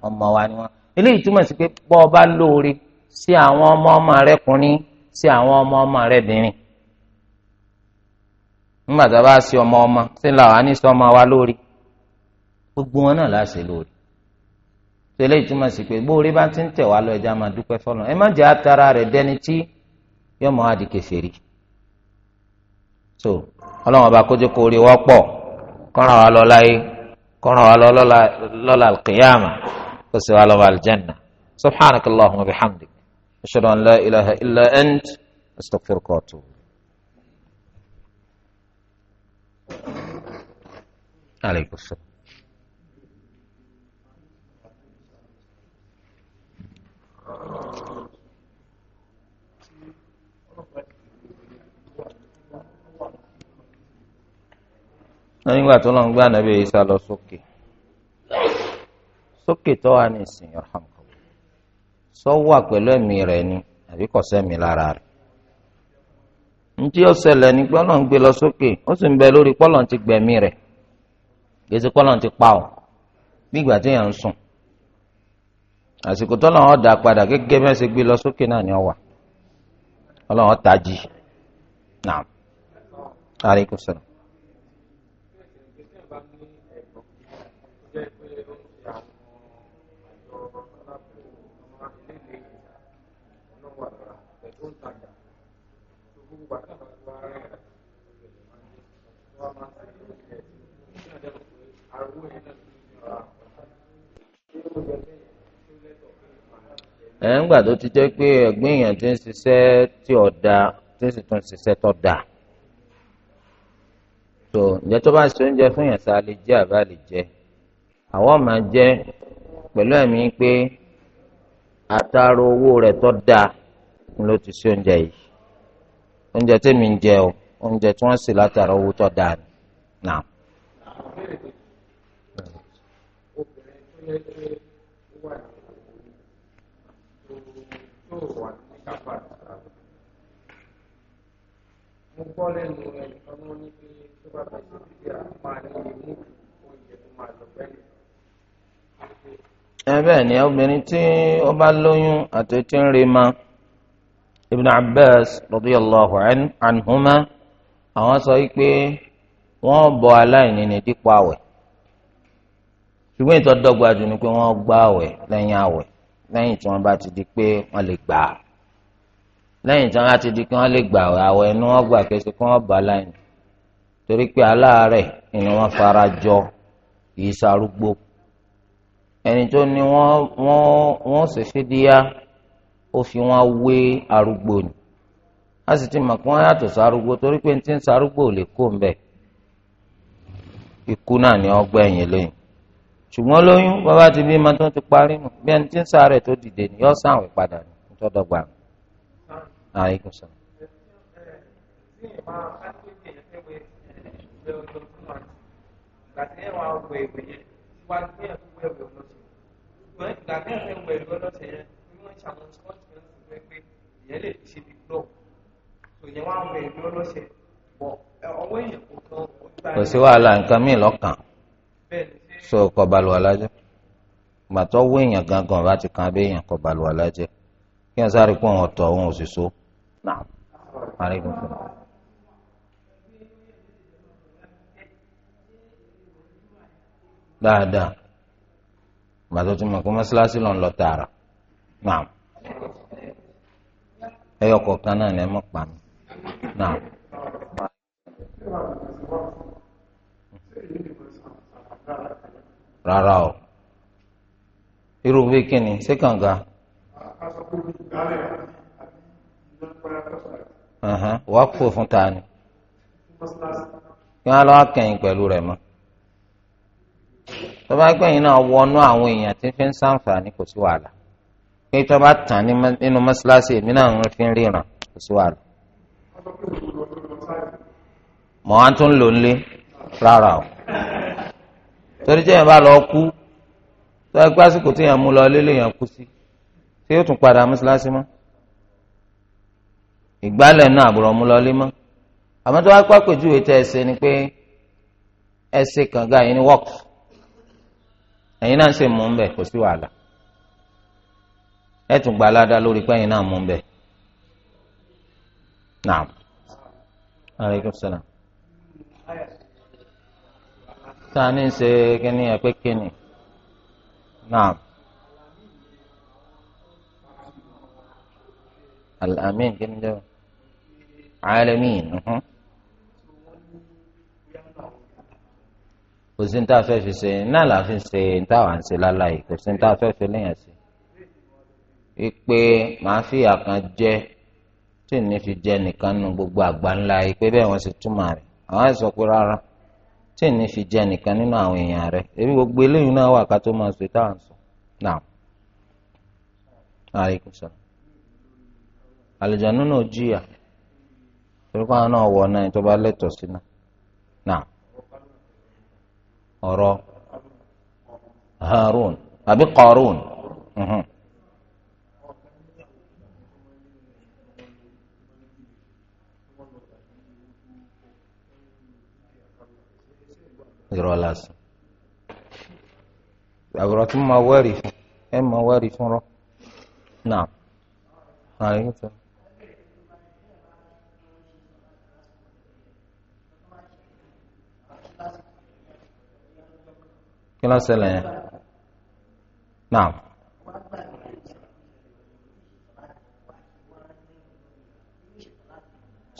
ọmọ wa ni wọn eléyìí túmọ̀ sí pé bọ́ ọ lóore sí àwọn ọmọ ọmọ rẹ kùnrin sí àwọn ọmọ ọmọ rẹ bìnrin nígbà tá a bá ṣe ọmọ ọmọ ṣé làwọn á ní sọ ọmọ wa lórí gbogbo wọn náà láṣẹ lórí tẹlẹ ìtumọ̀ sí pé bóore bá ti ń tẹ̀ wá lọ ẹja máa dúpẹ́ fọlọ́ ẹ má jẹ́ atara rẹ̀ dẹni tí yọmọ á di kèfèrí so ọlọ́run ọba kójú kó rí wọ́pọ̀ kọ́ran wa lọ láyé kọ́ran wa lọ lọ́la alqiyama kó sì wá lọ́wọ́ aljanna subhanakallahumma wa bihamdik ashhadu an la ilaha illa ant astaghfiruka wa atubu. عليكم السلام wọ́n nígbà tó lọ́n gbá nàbí Ìsá lọ sókè sókè tó wà sọ wà pẹ̀lú ẹ̀mí rẹ̀ ni sẹ́mi lára rẹ̀ ntí ó ṣẹlẹ̀ ní pé ọlọ́run gbé lọ sókè ó sì ń bẹ lórí pọ́lọ̀ ti gbẹ̀mí rẹ̀ gbèsè ti pa ọ́ nígbà tí èèyàn ń sùn àsìkò tọ́lọ̀ ọ̀ dà padà gẹ́gẹ́ bí ṣe gbé lọ sókè náà ni ọ wà tají náà Thank you. ẹ̀ ń gbà tó ti jẹ́ pé ẹ̀gbọ́n èèyàn ti ń ṣiṣẹ́ tí ọ̀dà tí sì tún ṣiṣẹ́ tó dà tó ǹjẹ́ tó bá ṣe oúnjẹ fún yẹn sá lè jẹ́ àbá lè jẹ́ àwọn máa jẹ́ pẹ̀lú ẹ̀mí pé àtàrà owó rẹ̀ tó dà ló ti ṣe oúnjẹ yìí oúnjẹ tèmi ń jẹ o oúnjẹ tí wọ́n sì látara owó tó dáa ni nà. mo gbọ́ lẹ́nu ẹnìkan mọ́ ní pé tó bá bẹ̀rẹ̀ sí ti rà máa ní imú oúnjẹ tó máa lọ bẹ́ẹ̀ ẹ bẹ́ẹ̀ ni obìnrin tí ó bá lóyún àti tí ń re máa ibn abbas radiyallahu anhuma àwọn sọ wípé wọ́n bọ́ aláìní ní dípò àwẹ̀ ṣùgbọ́n ìtọ́ dọ́gba jù ni pé wọ́n gba àwẹ̀ lẹ́yìn àwẹ̀ lẹ́yìn tí wọ́n bá ti di pé wọ́n lè gbà á lẹ́yìn tí wọ́n bá ti di pé wọ́n lè gbà àwẹ̀ inú wọn gbà kí ẹsẹ̀ kí wọ́n bọ́ aláìní torí pé aláàárẹ̀ ni wọ́n fara jọ kì ẹni tó ní wọ́n wọ́n wọ́n ṣèṣe díyà. ó fi wọn wé arúgbó ni a sì ti mọ̀ pé wọ́n yàtọ̀ sárúgbó torí pé ní ti ń sárúgbó ò lè kó ń bẹ̀ ikú náà ni ọgbẹ́ yẹn lóyún ṣùgbọ́n lóyún bàbá ti bí ti parí mu bí ẹni tí ń sáré tó dìde ni yọ́ sáwìn padà ní sí àwọn church kan sì fẹ́ pé ìyẹn lè ṣe bí club tó yẹn wá àwọn ẹ̀mí ọlọ́ṣẹ̀ bọ̀ ọwọ́ èèyàn kò kan ọgbà kò sí wàhálà nǹkan míì lọ́kàn so kò bá lu alájẹ gbàtọ́ wọ èèyàn gangan láti kan abẹ́ èèyàn kò bá lu alájẹ kí wọ́n sáré pé wọ́n tọ̀ wọn ò so náà àríkùn fún un. dáadáa gbàtọ́ tí mo lọ́n lọ tààrà. naam, ẹyọ kọ̀ọ̀kan náà lẹ́ mọ̀ pa mí náà. rárá o irú bí kíni ṣé kànga. kú fún ta ni kí wọ́n lọ́wọ́ kẹ́yìn pẹ̀lú rẹ̀ mọ́ tọ́ba gbẹ̀yìn náà wọnú àwọn pé tí wọn bá tàn nínú mọ́ṣáláṣí èmi náà ń fi ríran kò sí wàhálà. mọ̀ á tún lò nílé rárá o torí jẹ́yìn bá lọ kú tó ẹ gbá sìkò tí yẹn mú lọ lélẹ̀ yẹn kú sí ṣé yóò tún padà mọ́ṣáláṣí mọ́ ìgbálẹ̀ náà àbúrò mú lọ lé mọ́ àmọ́ tó wá pàpèjúwe tẹ ẹ ni pé ẹ ṣe kànga yìí ní wọ́ọ̀kì ẹ̀yin náà ṣe mú un bẹ̀ kò sí wàhálà ẹ tún gba aládá lórí pẹ́yìn náà mú bẹ́ẹ̀. naam aleykum salaam. sani ṣe kíni ẹ pé kíni naam. alamin kíni jẹ́ alamin. Mhm. kò sí ní tá fẹ́ fi ṣe náà la ṣe ní tá wà ń ṣe láláyé kò sí ní tá fẹ́ fi léyìn ṣe. wípé ma fìyà kan jẹ tí ní fi jẹ nìkan nu gbogbo àgbáńlá yìí pé bẹ́ẹ̀ wọ́n ṣe túmọ̀ rẹ̀ àwọn àìsàn pé rárá tí ní fi jẹ nìkan nínú àwọn èèyàn rẹ̀ ebi gbogbo eléyìí náà wà ká tó máa ṣe táwọn sọ náà àríkùn sọ àlùjánu náà torí náà Harun àbí irọ́ lásán tí mo ẹ wẹ́rì fún rọ náà àyè tó. kí ló ṣẹlẹ̀ yẹn náà.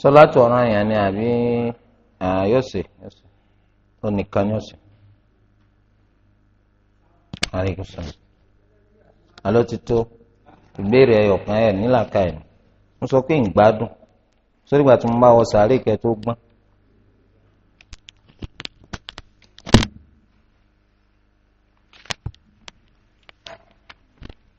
sọlá tó ọ̀ràn yẹn ni àbí yóò ṣe. ó nìkan ní ọ̀sẹ̀. aleykum salaam alo ti tó ìbéèrè ẹyọkan ẹ nílàkà ẹ mo sọ pé ń gbádùn sórí ìgbà tí mo bá wọ sàárè kẹ tó gbọ́n